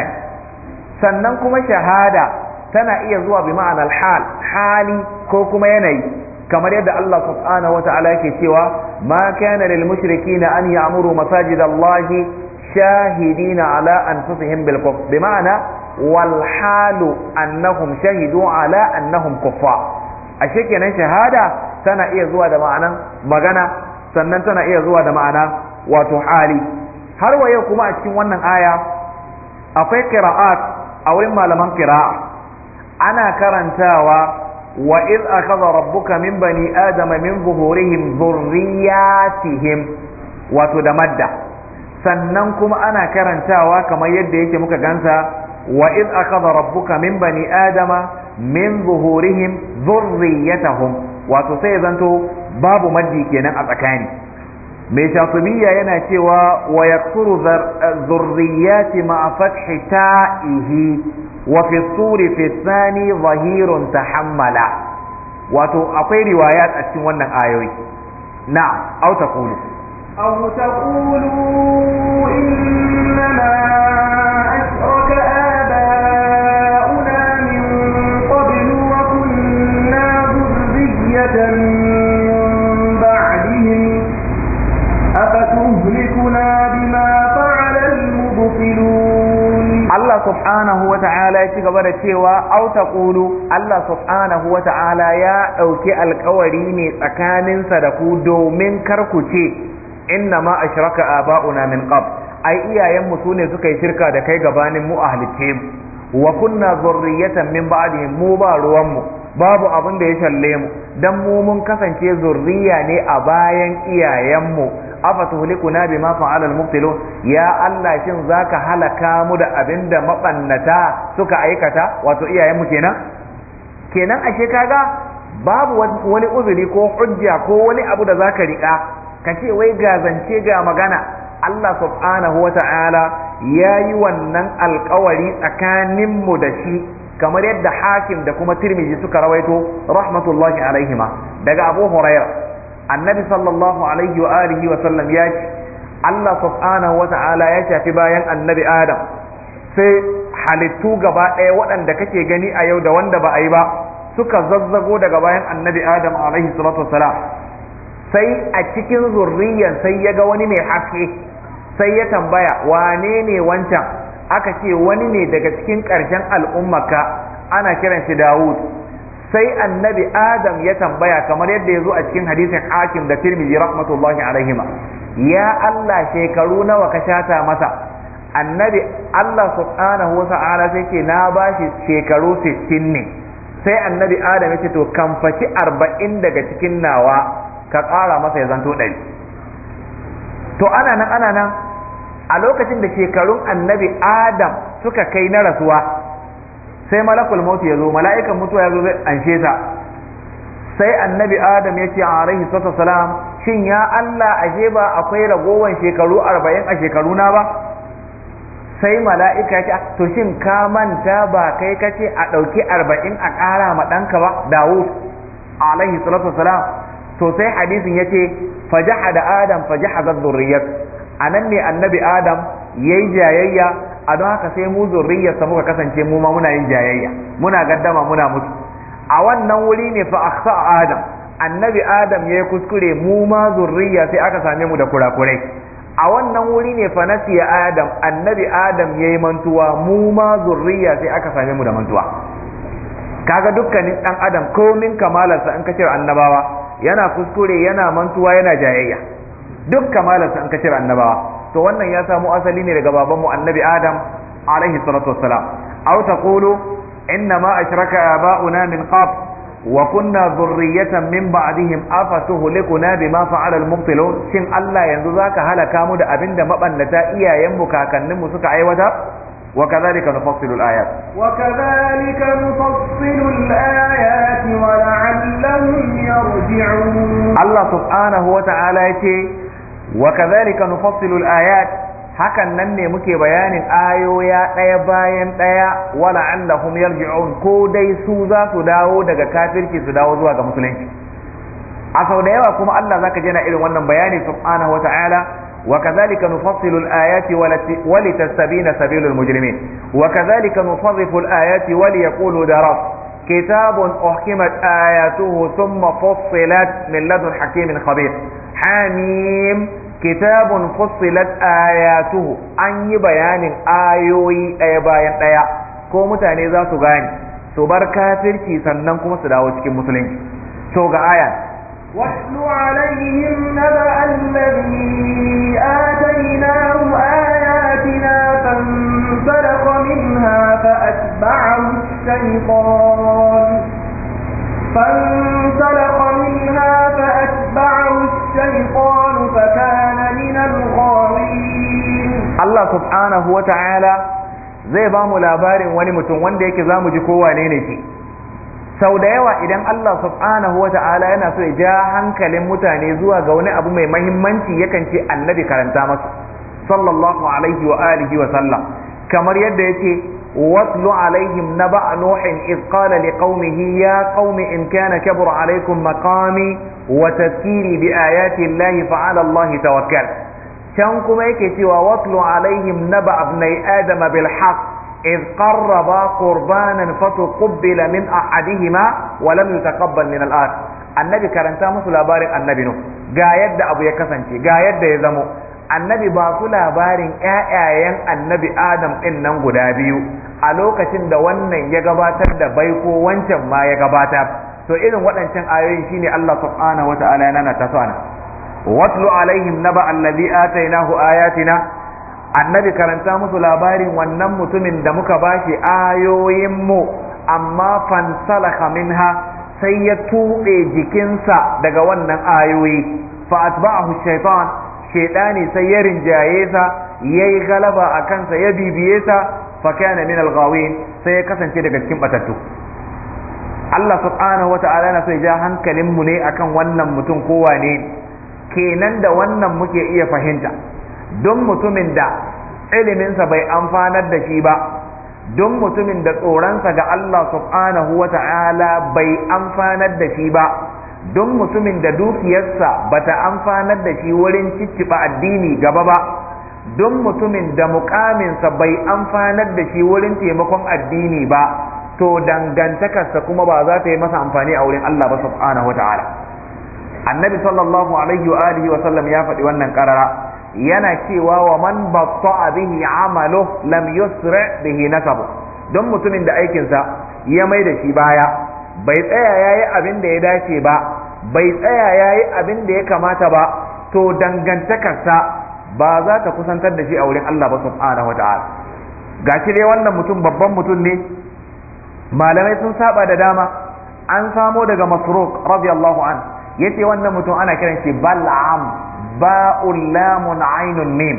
sannan kuma shahada tana iya zuwa bi ma'ana al-hal hali ko kuma yanayi kamar yadda Allah subhanahu ke cewa ma kana lil mushrikeena an ya masajid Allah shahidina ala anfusihim bil kufr bi ma'ana wal halu annahum shahidu ala annahum kuffar ashe kenan shahada tana iya zuwa da ma'anan magana sannan tana iya zuwa da ma'ana wato hali har wa yau kuma a cikin wannan aya akwai qira'at a wurin malaman qira'a ana karantawa wa iz akhadha rabbuka min bani adama min zuhurihim dhurriyyatihim wato da madda sannan kuma ana karantawa kamar yadda yake muka gansa wa iz akhadha rabbuka min bani adama min zuhurihim dhurriyyatahum wato sai ya zanto babu maddi kenan a tsakani mai shafibiyya yana cewa wa yaksuru zurriyati ma'a fathi ta'ihi wa fi suri zahirun tahammala wato akwai riwaya a cikin wannan ayoyi na au taqulu au taqulu innama ashraka Allah subhanahu wa ta'ala ya ci gaba da cewa au ta ƙulu Allah subhanahu wa ta'ala ya ɗauki alkawari ne tsakaninsa da ku domin karku ce inna ma a shiraka a ba'una min ƙab ai iyayenmu su ne suka yi shirka da kai gabanin mu a halitte mu wa kunna zurriyatan min ba'dihim mu ba ruwanmu babu abin da ya shalle mu dan mu mun kasance zurriya ne a bayan iyayenmu Afatu afatuhlikuna bima fa'ala al ya Allah shin zaka halaka mu da abinda mabannata suka aikata wato iyayen mu kenan kenan ashe kaga babu wani uzuri ko hujja ko wani abu da za zaka rika kace wai ga zance ga magana Allah subhanahu wa ta'ala ya yi wannan alkawari tsakaninmu da shi kamar yadda hakim da kuma tirmidhi suka rawaito rahmatullahi alaihima daga abu hurairah annabi sallallahu alaihi wa alihi wa sallam ya ce Allah subhanahu wa ta'ala ya shafi bayan annabi Adam sai halittu gaba ɗaya waɗanda kake gani a yau da wanda ba a yi ba suka zazzago daga bayan annabi Adam alaihi salatu wasalam sai a cikin zurriyan sai ya ga wani mai haske sai ya tambaya wane ne wancan aka ce wani ne daga cikin ƙarshen al'ummarka ana kiran shi Dawud sai annabi adam ya tambaya kamar yadda ya zo a cikin hadisin hakim da tirmidhi rahmatullahi alaihima ya Allah shekaru nawa ka shata masa annabi Allah subhanahu wa ta'ala sai ce na bashi shekaru 60 ne sai annabi adam ya ce to kan faci 40 daga cikin nawa ka kara masa ya zanto 100 to ana nan ana nan a lokacin da shekarun annabi adam suka kai na rasuwa sai malakul mauti ya zo mala'ikan mutuwa ya zo zai anshe ta sai annabi adam ya ce a rahi salam shin ya Allah ashe ba akwai ragowan shekaru arba'in a shekaru na ba sai mala'ika ce to shin ka manta ba kai ka ce a ɗauki arba'in a ƙara ma ɗanka ba dawud alaihi salatu salam to sai hadisin ya ce fajaha da adam fajaha zazzurriyar a nan ne annabi adam ya yi jayayya a don haka sai mu sa muka kasance mu ma muna yin jayayya muna gaddama muna mutu a wannan wuri ne fa akhsa adam annabi adam ya kuskure mu ma zurriya sai aka same mu da kurakurai a wannan wuri ne fa nasi adam annabi adam ya yi mantuwa mu ma zurriya sai aka same mu da mantuwa kaga dukkanin dan adam komin kamalarsa in ka annabawa yana kuskure yana mantuwa yana jayayya duk kamalarsa in ka annabawa to wannan ya samu asali ne daga babanmu annabi adam alaihi salatu wassalam aw taqulu inna ma ashraka aba'una min qabl wa kunna dhurriyatan min ba'dihim afatuhlikuna na fa'ala al-mubtilun shin Allah yanzu zaka halaka mu da abinda mabannata iyayenmu kakanninmu suka aiwata wa kadhalika nufassilu al-ayat wa kadhalika nufassilu al-ayati wa la'allahum Allah subhanahu wa ta'ala yace وكذلك نفصل الآيات haka nan ne muke bayanin ayoya ɗaya bayan ɗaya wala allahum yarji'un ko dai su zasu dawo daga kafirci su dawo zuwa ga musulunci a sau da yawa kuma Allah zaka jana irin wannan bayanin subhanahu wa ta'ala wa kadhalika nufassilu ayati wa litastabina sabilul mujrimin wa kadhalika nufarrifu al-ayati wa liyaqulu daras kitabun uhkimat ayatuhu thumma fussilat min ladun hakimin khabir hamim kitabun fussilat ayatuhu an yi bayanin ayoyi ɗaya bayan ɗaya ko mutane za su gane su bar kafirci sannan kuma su dawo cikin musulunci to ga aya واتل عليهم نبأ الذي آتيناه آياتنا فانسلخ منها الشيطان فكان من الغاوين الله سبحانه وتعالى zai ba mu labarin wani mutum wanda yake za mu ji kowa ne ne sau da yawa idan Allah subhanahu wa ta'ala yana so ya ja hankalin mutane zuwa ga wani abu mai mahimmanci yakan ce annabi karanta masa, sallallahu alaihi wa alihi wa sallam kamar yadda yake واتل عليهم نبأ نوح إذ قال لقومه يا قوم إن كان كبر عليكم مقامي وتذكيري بآيات الله فعلى الله توكل تنكم أيكتي واتل عليهم نبأ ابني آدم بالحق إذ قربا قربانا فتقبل من أحدهما ولم يتقبل من الآخر النبي كرنتا musu labarin annabi no ga yadda abu ya kasance ga yadda ya zamo annabi ba su labarin ƴaƴayen annabi adam ɗin nan guda biyu a lokacin da wannan ya gabatar da bai ko wancan ma ya gabatar to irin waɗancan ayoyin shine Allah subhanahu wata'ala yana ta sana watlu alaihim naba allazi atainahu ayatina annabi karanta musu labarin wannan mutumin da muka bashi ayoyin mu amma fansalaka minha sai ya tuɓe jikinsa daga wannan ayoyi fa atba'ahu shaytan shedani sai ya rinjaye sa yayi galaba a kansa ya bibiye sa fa kana min al-ghawin sai ya kasance daga cikin batattu Allah subhanahu wa ta'ala na so ya ja hankalin mu ne akan wannan mutum ko ne. kenan da wannan muke iya fahimta don mutumin da iliminsa bai amfanar da shi ba don mutumin da tsoronsa ga Allah subhanahu wa ta'ala bai amfanar da shi ba don mutumin da dukiyarsa bata amfanar da shi wurin cicciba addini gaba ba don mutumin da mukaminsa bai amfanar da shi wurin taimakon addini ba to dangantakarsa kuma ba za ta yi masa amfani a wurin Allah ba subhanahu wataala annabi sallallahu alaihi wa alihi wa sallam ya faɗi wannan karara yana cewa wa man batta'a bihi amalu lam yusra bihi nasabu don mutumin da aikinsa ya mai da shi baya bai tsaya yayi abin da ya dace ba bai tsaya ya yi abin da ya kamata ba to dangantakarsa ba za ta kusantar da shi a wurin Allah ba subhanahu wata'ala shi dai wannan mutum babban mutum ne malamai sun saba da dama an samo daga masruq radiyallahu an yace wannan mutum ana kiran shi bal'am ba'ul lamun ainun mim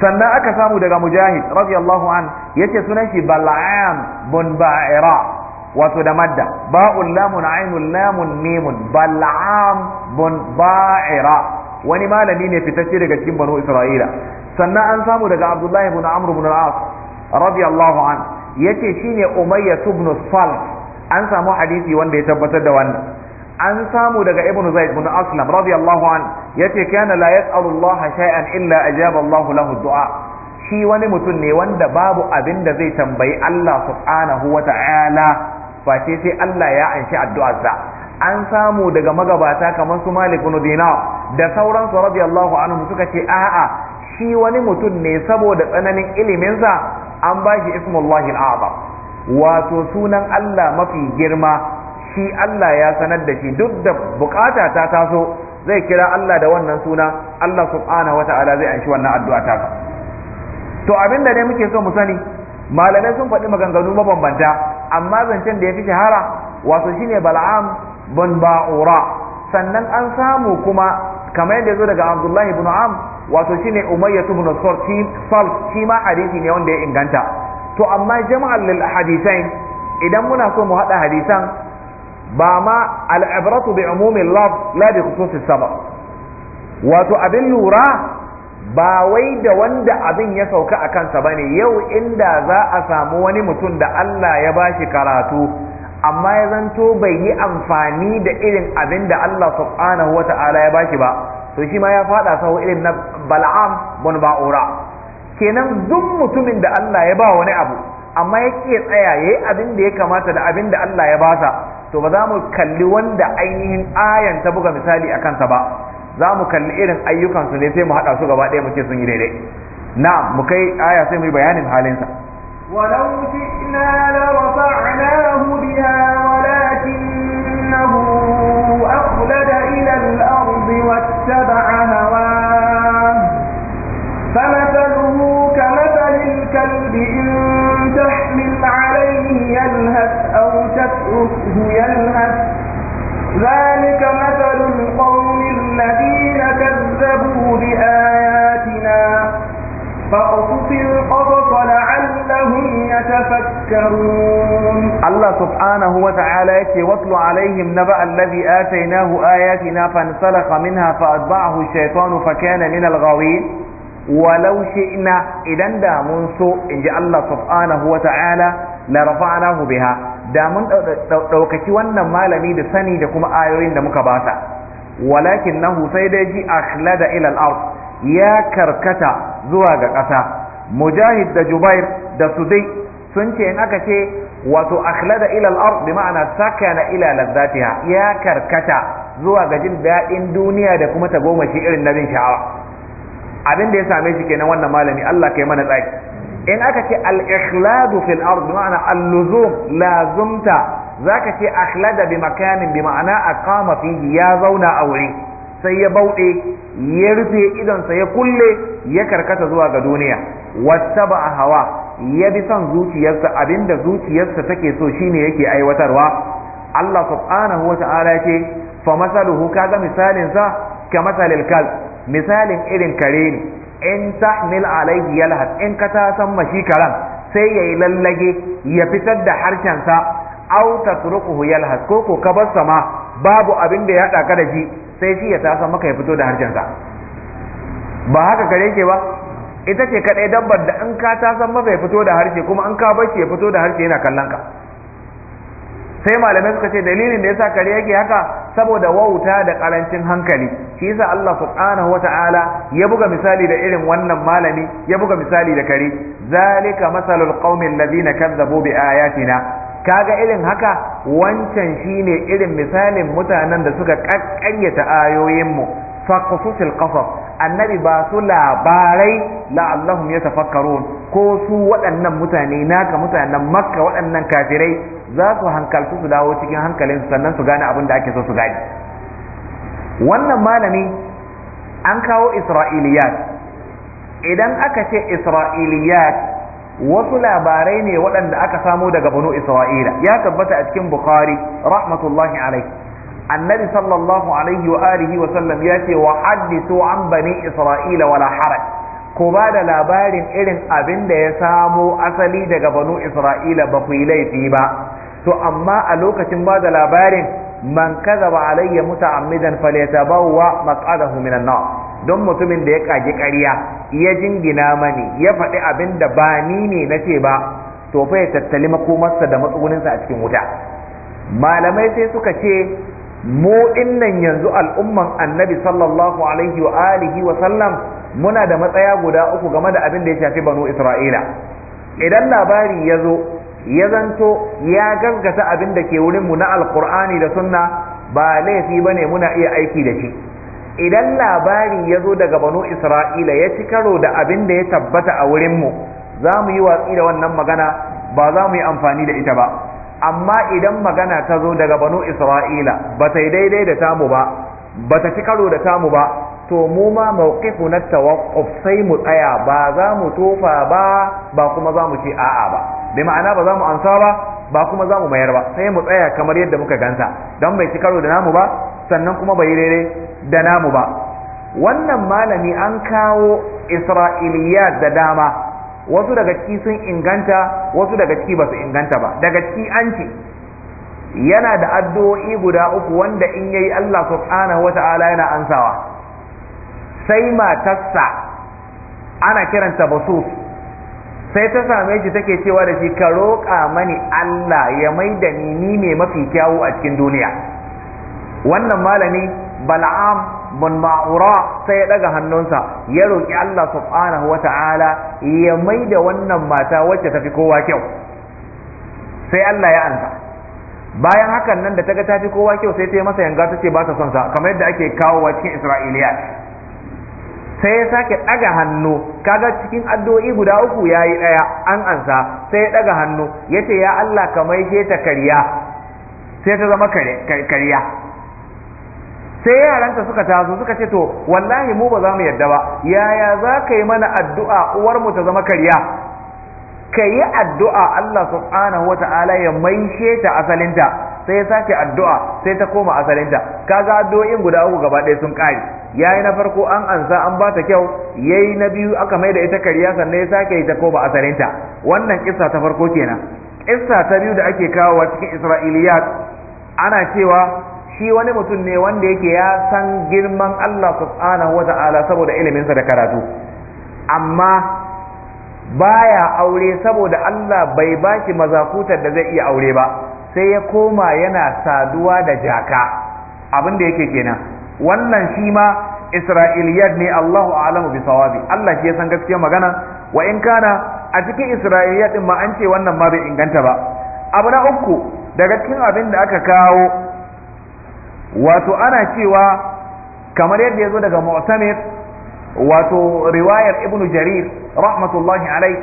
sannan aka samu daga mujahid radiyallahu an yace sunan shi bal'am bun ba'ira wato da madda ba'ul lamun ainul lamun mimun bal'am bun ba'ira wani malami ne fitacce daga cikin banu isra'ila sannan an samu daga abdullahi ibn amr ibn al-as radiyallahu an yace shine umayya ibn salih an samu hadisi wanda ya tabbatar da wannan an samu daga ibn zaid ibn aslam radiyallahu an yace kana la yas'alu Allah shay'an illa ajaba Allah lahu du'a shi wani mutum ne wanda babu abin da zai tambayi Allah subhanahu wa ta'ala face sai Allah ya anshi addu'arsa an samu daga magabata kamar su Malik ibn Dinar da sauran sauransu radiyallahu anhu suka ce a'a shi wani mutum ne saboda tsananin iliminsa an ba shi ismullahi al'azam wato sunan Allah mafi girma shi Allah ya sanar da shi duk da bukata ta taso zai kira Allah da wannan suna Allah subhanahu wata'ala zai anshi wannan addu'a ta to abin da dai muke so mu sani malamai sun faɗi maganganu mabambanta amma zancen da ya fi shahara wato shine bal'am bin ba'ura sannan an samu kuma kamar yadda ya zo daga abdullahi bin am wato shine umayyah ibn sal shi ma hadisi ne wanda ya inganta to amma jama'al lil hadithain idan muna so mu hada hadisan ba ma al'ibratu bi umumin laf la bi khususis sabab wato abin lura ba wai da wanda abin ya sauka a kansa ba ne yau inda za a samu wani mutum da Allah ya ba shi karatu amma ya zanto bai yi amfani da irin abin da Allah subhanahu wa ta'ala ya ba shi ba to shi ma ya fada sahu irin na bal'am bin ba'ura kenan duk mutumin da Allah ya ba wani abu amma ya ke tsaya ya yi abin da ya kamata da abin da Allah ya ba sa, to ba za mu kalli wanda ainihin ayan ta buga misali a kansa ba za mu kalli irin ayyukansu ne sai mu haɗa su gaba ɗaya mu ce sun yi daidai na mu kai aya sai mu yi bayanin halinsa ولو شئنا لرفعناه بها ولكنه أخلد إلى الأرض واتبع هواه فمثله كمثل الكلب إن تحمل عليه يلهث أو تتركه يلهث ذلك مثل القوم الذين كذبوا بآياتنا فاقصص القصص لعلهم يتفكرون الله سبحانه وتعالى يكي واتل عليهم نبأ الذي آتيناه آياتنا فانسلخ منها فأتبعه الشيطان فكان من الغاوين ولو شئنا إذا دا منسو إن جاء الله سبحانه وتعالى لرفعناه بها da mun ɗaukaki wannan malami da sani da kuma ayoyin da muka basa walakin nahu sai da yaji akhlada ila al-ard ya karkata zuwa ga ƙasa mujahid da jubair da sudai sun ce in aka ce wasu akhlada ila al-ard bi saka na ila ladzatiha ya karkata zuwa ga jin daɗin duniya da kuma ta tagomashi irin na bin sha'awa Abinda ya same shi kenan wannan malami Allah kai mana tsaki in aka ce al-ikhladu fil ma'ana al-luzum lazumta zaka ce akhlada bi makanin bi ma'ana aqama fihi ya zauna a wuri sai ya bauɗe ya rufe idonsa ya kulle ya karkata zuwa ga duniya wattaba hawa ya bi son zuciyarsa abinda zuciyarsa take so shine yake aiwatarwa Allah subhanahu wa ta'ala ya ce fa masaluhu kaga misalin sa ka masalil kal misalin irin kare ne in tahmil alaihi yalhas in ka ta san mashi karan sai yayi lallage ya fitar da harshen sa aw tatrukuhu yalhas ko ko ka bar sama babu abin da ya daka da shi sai shi ya tasa maka ya fito da sa ba haka kare ke ba ita ce kadai dabbar da in ka tasan maka ya fito da harshe kuma in ka bar shi ya fito da harshe yana kallon ka sai malamai suka ce dalilin da yasa kare yake haka saboda wauta da karancin hankali shi yasa Allah subhanahu wata'ala ya buga misali da irin wannan malami ya buga misali da kare zalika masalul qaumin ladina kazzabu bi ayatina kaga irin haka wancan shine irin misalin mutanen da suka kakkaryata ayoyinmu faqsusil qasas annabi ba su labarai allahum yatafakkarun ko su waɗannan mutane naka mutanen makka waɗannan kafirai za su hankalsu su dawo cikin hankalin sannan su gane abin da ake so su gane wannan malami an kawo isra'iliyat idan aka ce isra'iliyat wasu labarai ne waɗanda aka samo daga banu isra'ila ya tabbata a cikin bukhari rahmatullahi alaihi annabi sallallahu alaihi wa alihi wa sallam ya ce wa haddisu an bani isra'ila wala haraj Ku ba da labarin irin abin da ya samo asali daga banu isra'ila ba ku yi laifi ba to amma a lokacin ba da labarin man ba alayya muta'ammidan falyatabawa maq'adahu minan nar don mutumin da ya kage ƙarya ya jingina mani ya faɗi abin da ba ni ne na ce ba to fa ya tattali makomarsa da matsuguninsa a cikin wuta malamai sai suka ce mu yanzu al'umman annabi sallallahu alaihi wa alihi wa sallam muna da matsaya guda uku game da abin da ya shafi banu isra'ila idan labari ya zo ya zanto ya gaggata abin da ke wurinmu na Alkur'ani da sunna ba laifi ba ne muna iya aiki da shi idan labari ya zo daga banu isra'ila ya ci karo da abin da ya tabbata a wurinmu za mu yi watsi da wannan magana ba za mu yi amfani da ita ba amma idan magana ta zo daga banu isra'ila ba ta yi daidai da tamu ba ba ta ci karo da tamu ba to mu ma mawqifu na tawaqquf sai mu tsaya ba za mu tofa ba ba kuma za mu ce a'a ba bi ma'ana ba za mu amsa ba ba kuma za mu mayar ba sai mu tsaya kamar yadda muka ganta don bai ci karo da namu ba sannan kuma bai daidai da namu ba wannan malami an kawo isra'iliya da dama wasu daga ciki sun inganta wasu daga ciki ba su inganta ba daga ciki an ce yana da addu'o'i guda uku wanda in yayi Allah subhanahu wata'ala yana ansawa sai matarsa ana kiranta basus sai ta same shi take cewa da shi ka roƙa mani Allah ya mai da ni ne mafi kyawu a cikin duniya wannan malami bal'am bin ma'ura sai ya daga hannunsa ya roki Allah subhanahu Ta'ala, ya da wannan mata wacce tafi kowa kyau sai Allah ya ansa bayan hakan nan da ta ga ta fi kowa kyau sai ta yi masa yanga ta ce ba ta son sa kamar yadda ake wa cikin Isra'iliya sai ya sake daga hannu kaga cikin addu'o'i guda uku ya yi ɗaya an ansa sai ya daga hannu ya ce ya Allah kamar ke ta kariya sai ta zama kariya sai yaranta suka taso suka ce to wallahi mu ba za mu yadda ba yaya za ka yi mana addu'a uwar mu ta zama kariya? ka yi addu'a Allah subhanahu wa ta'ala ya maishe ta asalinta sai ya sake addu'a sai ta koma asalinta kaga addu'o'in guda uku gaba ɗaya sun ƙare yayi na farko an ansa an bata kyau yayi na biyu aka mai da ita kariya sannan ya sake ta koma asalinta wannan kissa ta farko kenan kissa ta biyu da ake kawowa cikin Isra'iliyat ana cewa shi wani mutum ne wanda yake ya san girman Allah subhanahu wata'ala saboda iliminsa da karatu amma baya aure saboda Allah bai bashi mazakutar da zai iya aure ba sai ya koma yana saduwa da jaka abin da yake kenan wannan shi ma isra'iliyat ne Allahu a'lamu bi sawabi Allah shi ya san gaskiyar magana wa in kana a cikin isra'iliyat din ma an ce wannan ma bai inganta ba abu na uku daga cikin abin da aka kawo wato ana cewa kamar yadda ya zo daga mu'tamir wato riwayar ibn jarir rahmatullahi alai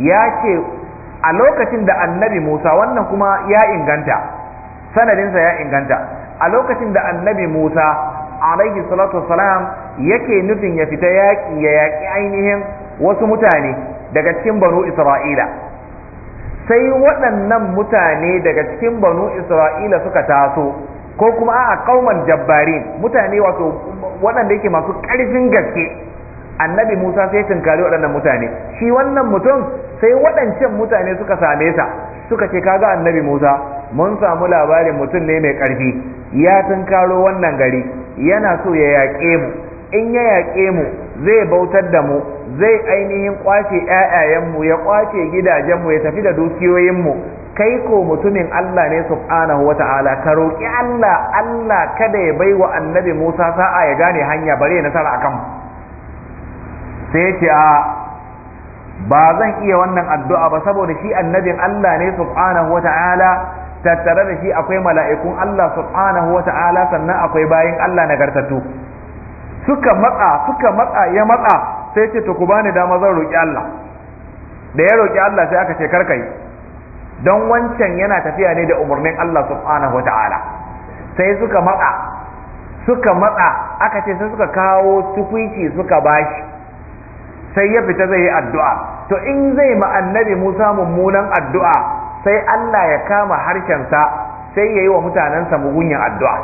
ya ce a lokacin da annabi musa wannan kuma ya inganta sanadinsa ya inganta a lokacin da annabi musa alaihi salatu wasalam yake nufin ya fita yaƙi ya yaƙi ainihin wasu mutane daga cikin banu isra'ila sai waɗannan mutane daga cikin banu isra'ila suka taso ko kuma a kauman jabbarin mutane wato waɗanda yake masu ƙarfin gaske annabi Musa sai ya tunkari waɗannan mutane shi wannan mutum sai waɗancan mutane suka same sa suka ce kaga annabi Musa mun samu labarin mutum ne mai ƙarfi ya tunkaro wannan gari yana so ya yaƙe mu in ya yaƙe mu zai bautar da mu zai ainihin kwace mu ya kwace gidajenmu ya tafi da mu. kai ko mutumin Allah ne subhanahu wata'ala ka roƙi Allah Allah kada ya bai wa annabi Musa sa'a ya gane hanya bare nasara akan sai ce a ba zan iya wannan addu'a ba saboda shi annabin Allah ne subhanahu wata'ala tattare da shi akwai mala'ikun Allah subhanahu wata'ala sannan akwai bayin Allah nagartattu suka matsa suka matsa ya matsa sai ce to ku bani dama zan roƙi Allah da ya roƙi Allah sai aka ce karkai don wancan yana tafiya ne da umarnin Allah subhanahu wata'ala sai suka matsa suka matsa aka ce sai suka kawo tukwici suka ba shi sai ya fita zai yi addu'a to in zai ma annabi Musa mummunan addu'a sai Allah ya kama harshensa sai ya yi wa mutanensa mugunyan addu'a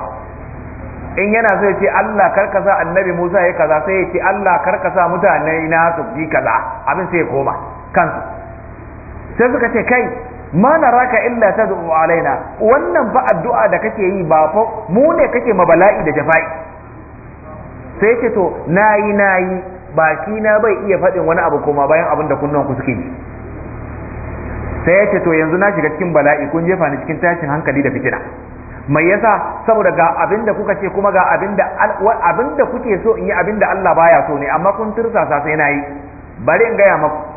in yana so ce Allah karkasa annabi Musa ya kaza sai ya ce Allah karkasa mutane na su ji kaza abin sai ya koma kansu sai suka ce kai ma raka illa tad'u alaina wannan ba addu'a da kake yi ba fa mu ne kake mabala'i da jafa'i sai ce to nayi nayi baki na bai iya faɗin wani abu koma bayan abin da kunnan ku suke ji sai ce to yanzu na shiga cikin bala'i kun jefa ni cikin tashin hankali da fitina mai yasa saboda ga abin da kuka ce kuma ga abin da kuke so in yi abin da Allah baya so ne amma kun tursasa sai na yi bari in gaya maku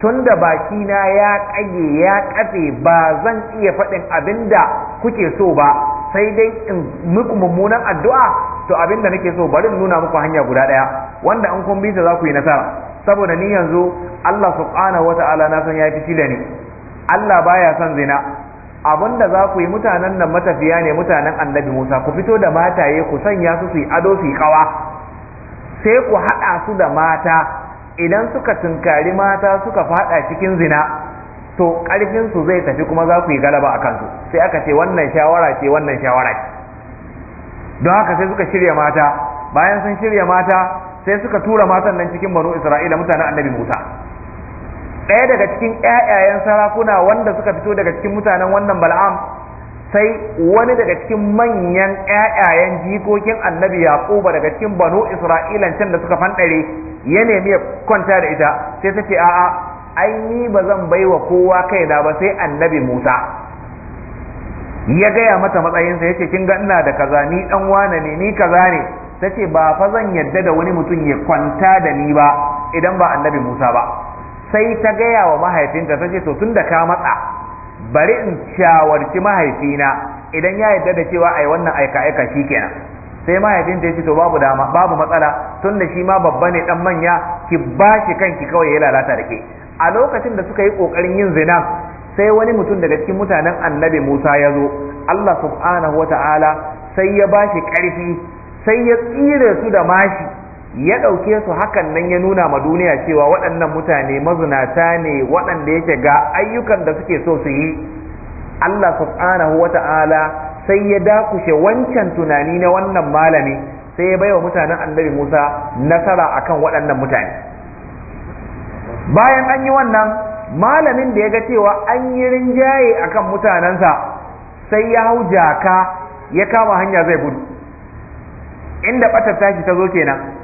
Tun tunda bakina ya ƙage ya ƙafe ba zan iya faɗin abin da kuke so ba sai dai in muku mummunan addu'a to abin da nake so bari in nuna muku hanya guda ɗaya wanda in kun bisa za ku yi nasara saboda ni yanzu Allah subhanahu wa ta'ala na san ya fi da ni Allah baya son zina abin da za ku yi mutanen nan matafiya ne mutanen annabi Musa ku fito da mataye ku sanya su su yi ado su yi kawa sai ku haɗa su da mata idan suka tunkari mata suka fada cikin zina to ƙarfinsu zai tafi kuma za ku yi galaba a kansu sai aka ce wannan shawara ce wannan shawara ce don haka sai suka shirya mata bayan sun shirya mata sai suka tura matan nan cikin banu isra'ila mutanen annabi musa ɗaya daga cikin ƴaƴayen sarakuna wanda suka fito daga cikin mutanen wannan bal'am sai wani daga cikin manyan ƴaƴayen jikokin annabi yaquba daga cikin banu isra'ilan can da suka fanɗare ya nemi kwanta da ita sai ta ce a'a ai ni ba zan baiwa kowa kaina ba sai annabi musa ya gaya mata matsayinsa ya ce kin ga ina da kaza ni dan wane ne ni kaza ne ta ce ba fa zan yadda da wani mutum ya kwanta da ni ba idan ba annabi musa ba sai ta gaya wa mahaifinta ta ce to tun da ka matsa bari in shawarci mahaifina idan ya yarda da cewa ai wannan aika aika shikenan sai mahaifinta ya ce to babu dama babu matsala tun da shi ma babba ne dan manya ki bashi kanki kawai ya lalata da a lokacin da suka yi kokarin yin zina sai wani mutum daga cikin mutanen annabi Musa ya zo Allah subhanahu wata'ala sai ya bashi karfi sai ya tsire su da mashi ya ɗauke su hakan nan ya nuna ma duniya cewa waɗannan mutane mazinata ne waɗanda yake ga ayyukan da suke so su yi Allah subhanahu wa ta'ala sai ya dakushe wancan tunani na wannan malami sai ya baiwa mutanen annabi Musa nasara akan waɗannan mutane bayan an yi wannan malamin da ya ga cewa an yi rinjaye akan mutanensa sai ya hau jaka ya kama hanya zai gudu inda ɓatar tashi ta zo kenan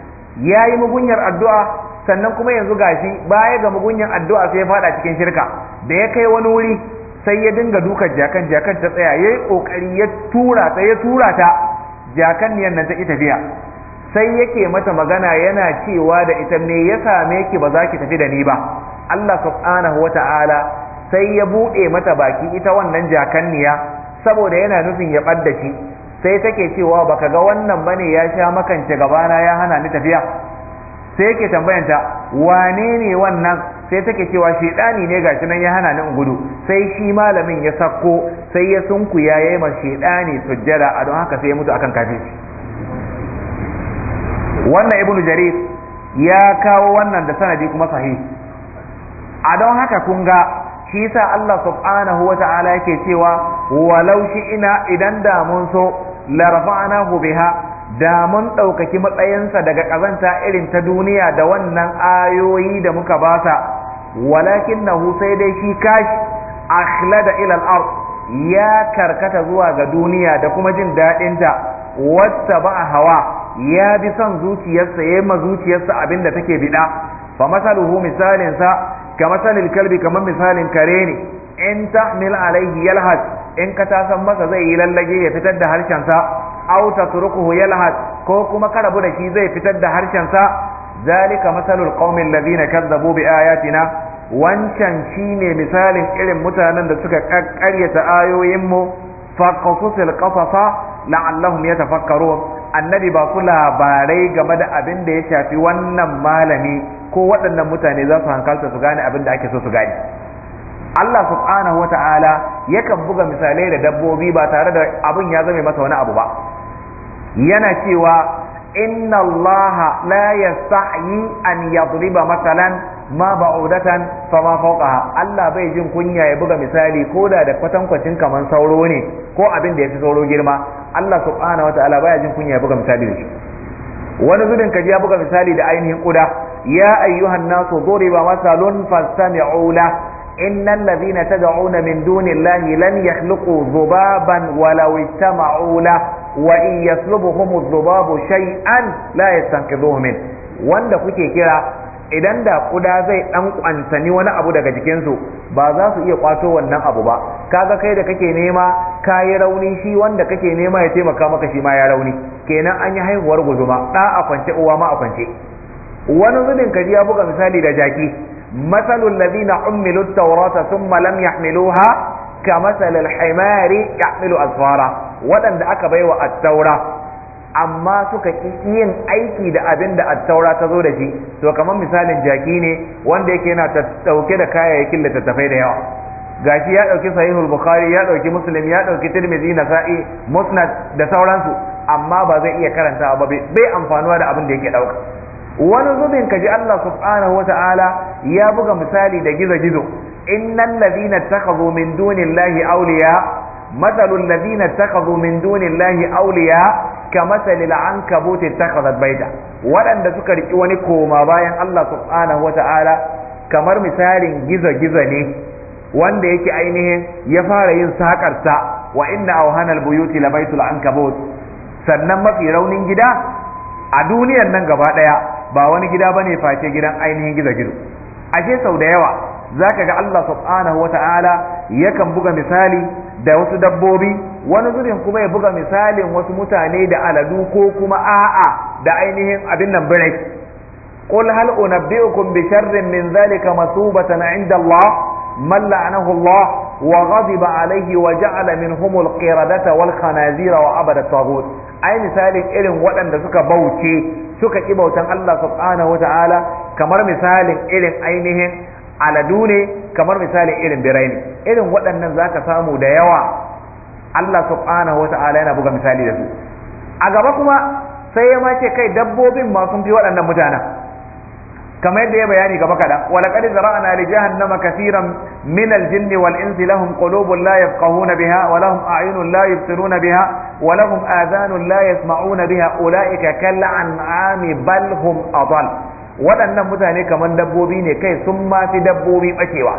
ya yi mugunyar addu'a sannan kuma yanzu gashi baya ga mugunyar addu'a sai ya fada cikin shirka da ya kai wani wuri sai ya dinga dukan jakan jakan ta tsaya ya yi ƙoƙari ya tura ta ya tura ta jakan niyan nan ta ita biya sai yake mata magana yana cewa da ita ne ya same ki ba za ki tafi da ni ba Allah subhanahu wa ta'ala sai ya buɗe mata baki ita wannan jakanniya saboda yana nufin ya ɓadda shi sai take cewa baka ga wannan bane ya sha makance gabana ya hana ni tafiya sai yake tambayanta wane ne wannan sai take cewa shedani ne gashi nan ya hana ni in gudu sai shi malamin ya sako sai ya sunkuya yayi ma shedani sujjada a don haka sai ya mutu akan kafi. wannan ibnu jarir ya kawo wannan da sanadi kuma sahih a don haka kun ga shi sa Allah subhanahu wata'ala yake cewa walau shi ina idan da mun so la rafa'nahu biha da mun ɗaukaki matsayinsa daga ƙazanta irin ta duniya da wannan ayoyi da muka basa walakinnahu sai dai shi kashi akhlada ila al-ard ya karkata zuwa ga duniya da kuma jin daɗinta wata ba hawa ya bi son zuciyarsa ya ma zuciyarsa abin da take biɗa fa masaluhu misalinsa ka masalil kalbi kamar misalin kare ne in tahmil alaihi yalhas in ka san masa zai yi lallage ya fitar da harshensa aw tatrukuhu yalhas ko kuma ka rabu da shi zai fitar da harshensa zalika masalul qaumin ladina kazzabu bi ayatina wancan shine misalin irin mutanen da suka ayoyin ayoyinmu faqasusil qasasa la'allahum yatafakkarun annabi ba ku labarai game da abin da ya shafi wannan malami ko waɗannan mutane za su hankalta su gane abin da ake so su gane Allah subhanahu wa ta'ala yakan buga misalai da dabbobi ba tare da abin ya zame masa wani abu ba yana cewa inna allaha la yasta'yi an yadriba masalan ma ba'udatan fama fawqaha Allah bai jin kunya ya buga misali koda da da kwatankwacin kaman sauro ne ko abin da yafi sauro girma Allah subhanahu wataala baya jin kunya ya buga misali da shi wani zubin kaji ya buga misali da ainihin kuda ya ayyuhan nasu duriba masalun fastami'u la إن الذين تدعون min دون الله لن يخلقوا ذبابا ولو اجتمعوا له وإن yaslubuhum الذباب شيئا لا la منه min wanda kuke kira idan da kuda zai dan kwantani wani abu daga jikinsu ba za su iya kwato wannan abu ba kaga kai da kake nema ka yi rauni shi wanda kake nema ya taimaka maka shi ma ya rauni kenan an yi haihuwar guzuma da a kwance uwa ma a kwance wani zubin kaji ya buga misali da jaki مثل الذين حملوا التوراة ثم لم يحملوها كمثل الحمار يحمل أسفارا ودن دعك بيوى التوراة amma suka yin aiki da abin da attaura ta zo da shi to kamar misalin jaki ne wanda yake yana dauke da kayayyakin littattafai da yawa gashi ya dauki sahihul bukhari ya dauki muslim ya dauki tirmidhi nasa'i musnad da sauransu amma ba zai iya karanta ba bai amfanuwa da abin da yake dauka wani zubin kaji Allah subhanahu wata'ala ya buga misali da gizo-gizo innal ladina takhadhu min dunillahi awliya مثل الذين اتخذوا من دون ka أولياء an kabote اتخذت بيتا waɗanda suka riƙi wani koma bayan Allah subhanahu wata'ala kamar misalin gizo-gizo ne wanda yake ainihin ya fara yin sakarta wa inna auhanal buyuti la ankabut sannan mafi raunin gida a duniyar nan gaba ɗaya ba wani gida ba ne face gidan ainihin gizo-gizo ashe sau da yawa zaka ga Allah subhanahu Ta'ala, yakan buga misali da wasu dabbobi wani zurin kuma ya buga misalin wasu mutane da aladu ko kuma a'a da ainihin abin nan birai qul hal unabbi'ukum bi sharrin min zalika masubatan 'inda Allah man la'anahu Allah wa ghadiba alayhi wa ja'ala minhum al-qiradata wal khanazira wa abada taghut ai misalin irin waɗanda suka bauce suka ƙi bautan Allah subhanahu ta'ala kamar misalin irin ainihin aladu ne kamar misalin irin birai irin waɗannan zaka samu da yawa Allah subhanahu ta'ala yana buga misali da su a gaba kuma sai ya mace kai dabbobin masu sun fi waɗannan mutanen kamar yadda ya bayani gaba kaɗan walaƙar zara'ana li jahannama kasiran min aljinn wal insi lahum qulubun biha wa lahum a'yunun la yubsiruna biha wa lahum adhanun la yasma'una biha ulaika kal an'ami bal hum adall waɗannan mutane kamar dabbobi ne kai sun mafi fi dabbobi bacewa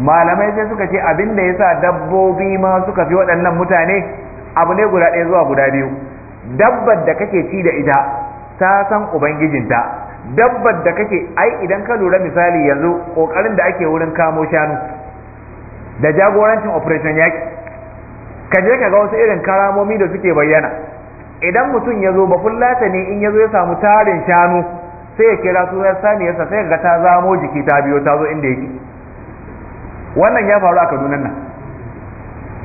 malamai sai suka ce abin da ya sa dabbobi ma suka fi waɗannan mutane abu ne guda ɗaya zuwa guda biyu dabbar da kake ci da ita ta san ubangijinta dabbar da kake ai idan ka lura misali yanzu kokarin da ake wurin kamo shanu da jagorancin operation yaki ka je ka ga wasu irin karamomi da suke bayyana idan mutum ya zo ba fullata ne in ya zo ya samu tarin shanu sai ya kira su saniyarsa sai ya ga ta zamo jiki ta biyo ta zo inda yake wannan ya faru a kaduna nan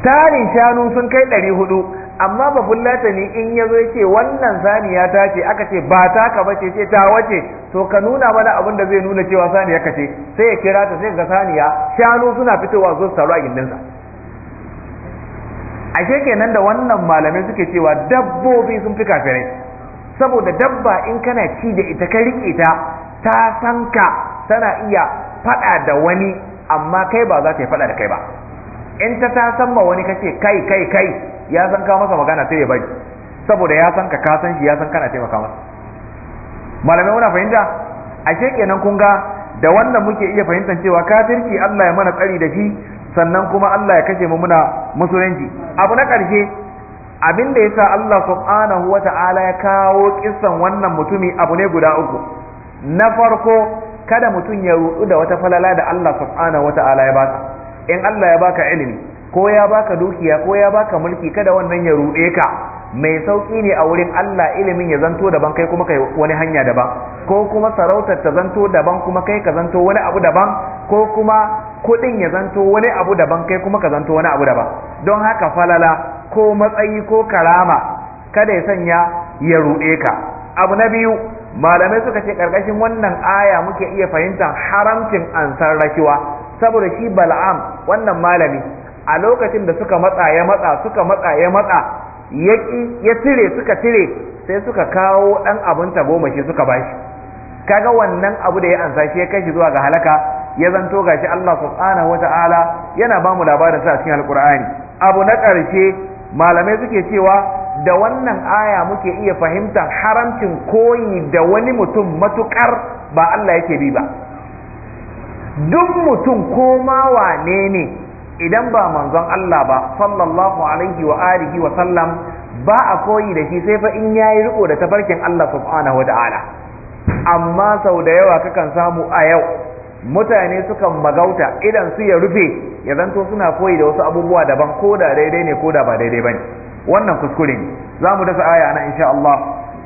tarin shanu sun kai ɗari hudu amma ba bullata ne in yazo yace wannan saniya ta ce aka ce ba ta ka ba ce ta wace to ka nuna mana abin da zai nuna cewa saniya ka ce sai ya kira ta sai ga saniya shanu suna fitowa zo su taru a gindinsa ashe kenan da wannan malamai suke cewa dabbobi sun fi kafirai saboda dabba in kana ci da ita ka rike ta ta san ka tana iya faɗa da wani amma kai ba za ta yi faɗa da kai ba in ta ta san ma wani kace kai kai kai ya san ka masa magana sai ya bari saboda ya san ka ka san shi ya san kana taimaka masa malamai muna fahimta ashe kenan kunga? da wannan muke iya fahimtar cewa kafirci Allah ya mana tsari da shi sannan kuma Allah ya kashe mu muna musulunci abu na karshe abin da yasa Allah subhanahu wata'ala ya kawo kissan wannan mutumi abu ne guda uku na farko kada mutum ya rudu da wata falala da Allah subhanahu wata'ala ya baka in Allah ya baka ilimi ko ya baka dukiya ko ya baka mulki kada wannan ya ruɗe ka mai sauƙi ne a wurin Allah ilimin ya zanto daban kai kuma kai wani hanya daban ko kuma sarautar ta zanto daban kuma kai ka zanto wani abu daban ko kuma kuɗin ya zanto wani abu daban kai kuma ka zanto wani abu daban don haka falala ko matsayi ko karama kada ya sanya ya ruɗe ka abu na biyu malamai suka ce ƙarƙashin wannan aya muke iya fahimtar haramcin ansar rakiwa saboda shi bala'am wannan malami a lokacin da suka matsa ya matsa suka matsa ya matsa ya tire suka tire sai suka kawo ɗan abin ta tagomashi suka bashi kaga wannan abu da ya ansa shi ya kai shi zuwa ga halaka ya zanto gashi Allah subhanahu wata'ala yana ba mu labarin sa cikin alkur'ani abu na ƙarshe malamai suke cewa da wannan aya muke iya fahimta haramcin koyi da wani mutum matukar ba Allah yake bi ba duk mutum ko ma wane ne idan ba manzon Allah ba sallallahu alaihi wa alihi wa sallam ba a koyi da shi sai fa in yayi riko da tafarkin Allah subhanahu wa ta'ala amma sau da yawa kakan samu a yau mutane sukan magauta idan su ya rufe ya zanto suna koyi da wasu abubuwa daban ko da daidai ne ko da ba daidai bane wannan kuskure ne za mu dasa aya na insha Allah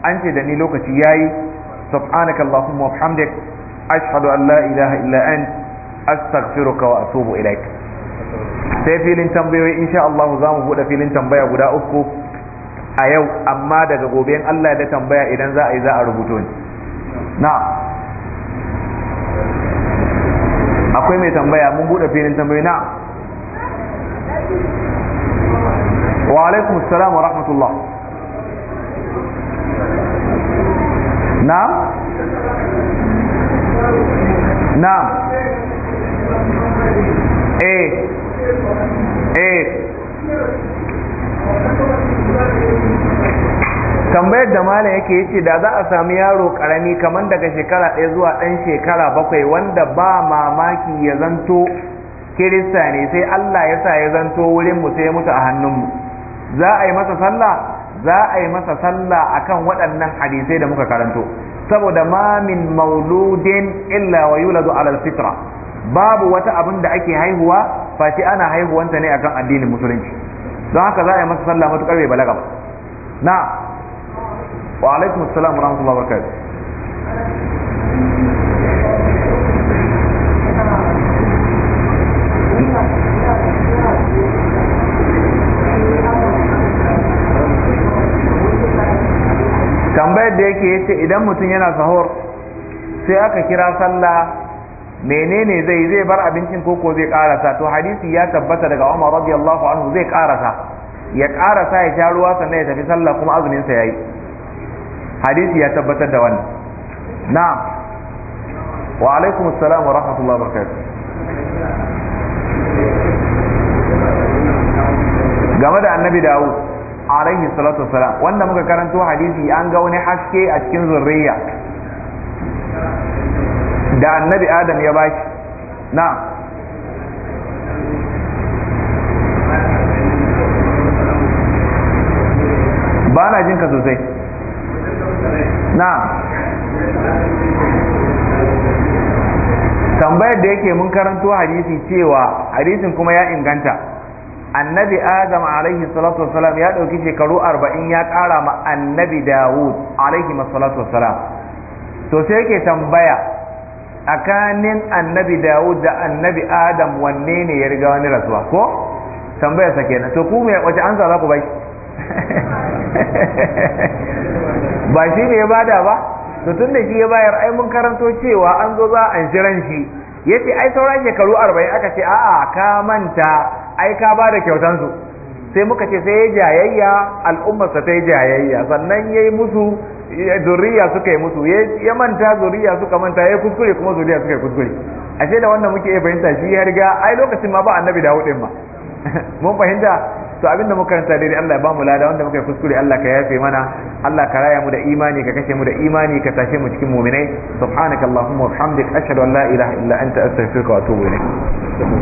an ce da ni lokaci yayi subhanaka allahumma wa bihamdik ashhadu an la ilaha illa ant astaghfiruka wa atubu ilaik sai filin tambayoyi insha Allah za mu bude filin tambaya guda uku a yau amma daga gobe Allah da tambaya idan za a yi za a rubuto ni na akwai mai tambaya mun bude filin tambayoyi na wa alaikum assalam wa rahmatullah na na eh Eh. tambayar da malam yake yake da za a sami yaro karami kamar daga shekara ɗaya zuwa ɗan shekara bakwai wanda ba mamaki ya zanto kirista ne sai Allah ya sa ya zanto wurin mu sai ya mutu a hannunmu za a yi masa sallah za a yi masa sallah kan waɗannan hadisai da muka karanto saboda mamin mauludin illa wa yuladu alal fitra babu wata abin da ake haihuwa face ana haihuwanta ne akan addinin musulunci don haka za a yi masa sallah matukar bai balaga ba na wa alaikum assalam wa rahmatullahi wa barakatuh tambayar da yake yace idan mutum yana sahur sai aka kira sallah menene zai zai bar abincin koko zai karasa to hadisi ya tabbata daga Umar radiyallahu anhu zai karasa ya karasa ya sha ruwa sannan ya tafi sallah kuma azumin sa yayi hadisi ya tabbatar da wannan na'am wa alaikum assalam wa rahmatullahi wa barakatuh game da annabi Dawud alaihi salatu wassalam wanda muka karanto hadisi an ga wani haske a cikin zurriya da annabi adam ya baki na ba na jinka sosai na tambayar da yake mun karanto hadisi cewa hadisin kuma ya inganta annabi adam alaihi salatu wasalam ya ɗauki shekaru arba'in ya ƙara ma annabi dawud alaihi salatu wasalam to sai yake tambaya tsakanin annabi dawud da annabi adam wanne ne ya riga wani rasuwa ko tambaya sa kenan to ku mai wace ansa za bai <laughs> ba shi ne ya bada ba to tun da shi ya bayar ai mun karanto cewa an zo za a shiran shi yace ai sauran shekaru 40 aka ce a'a ka manta ai ka bada kyautansu sai muka ce sai ya jayayya al'ummarsa ta yi jayayya sannan ya yi musu zuriya suka yi musu ya manta zuriya suka manta ya kuskure kuma zuriya suka yi kuskure ashe da wannan muke fahimta shi ya riga ai lokacin ma ba annabi da din ma <laughs> mun fahimta to da muka karanta daidai Allah ya ba mu lada wanda muka yi kuskure Allah ka yafe mana Allah ka raya mu da imani ka kashe mu da imani ka tashe mu cikin mu'minai subhanakallahumma wa bihamdika ashhadu an la ilaha illa anta astaghfiruka wa atubu ilayk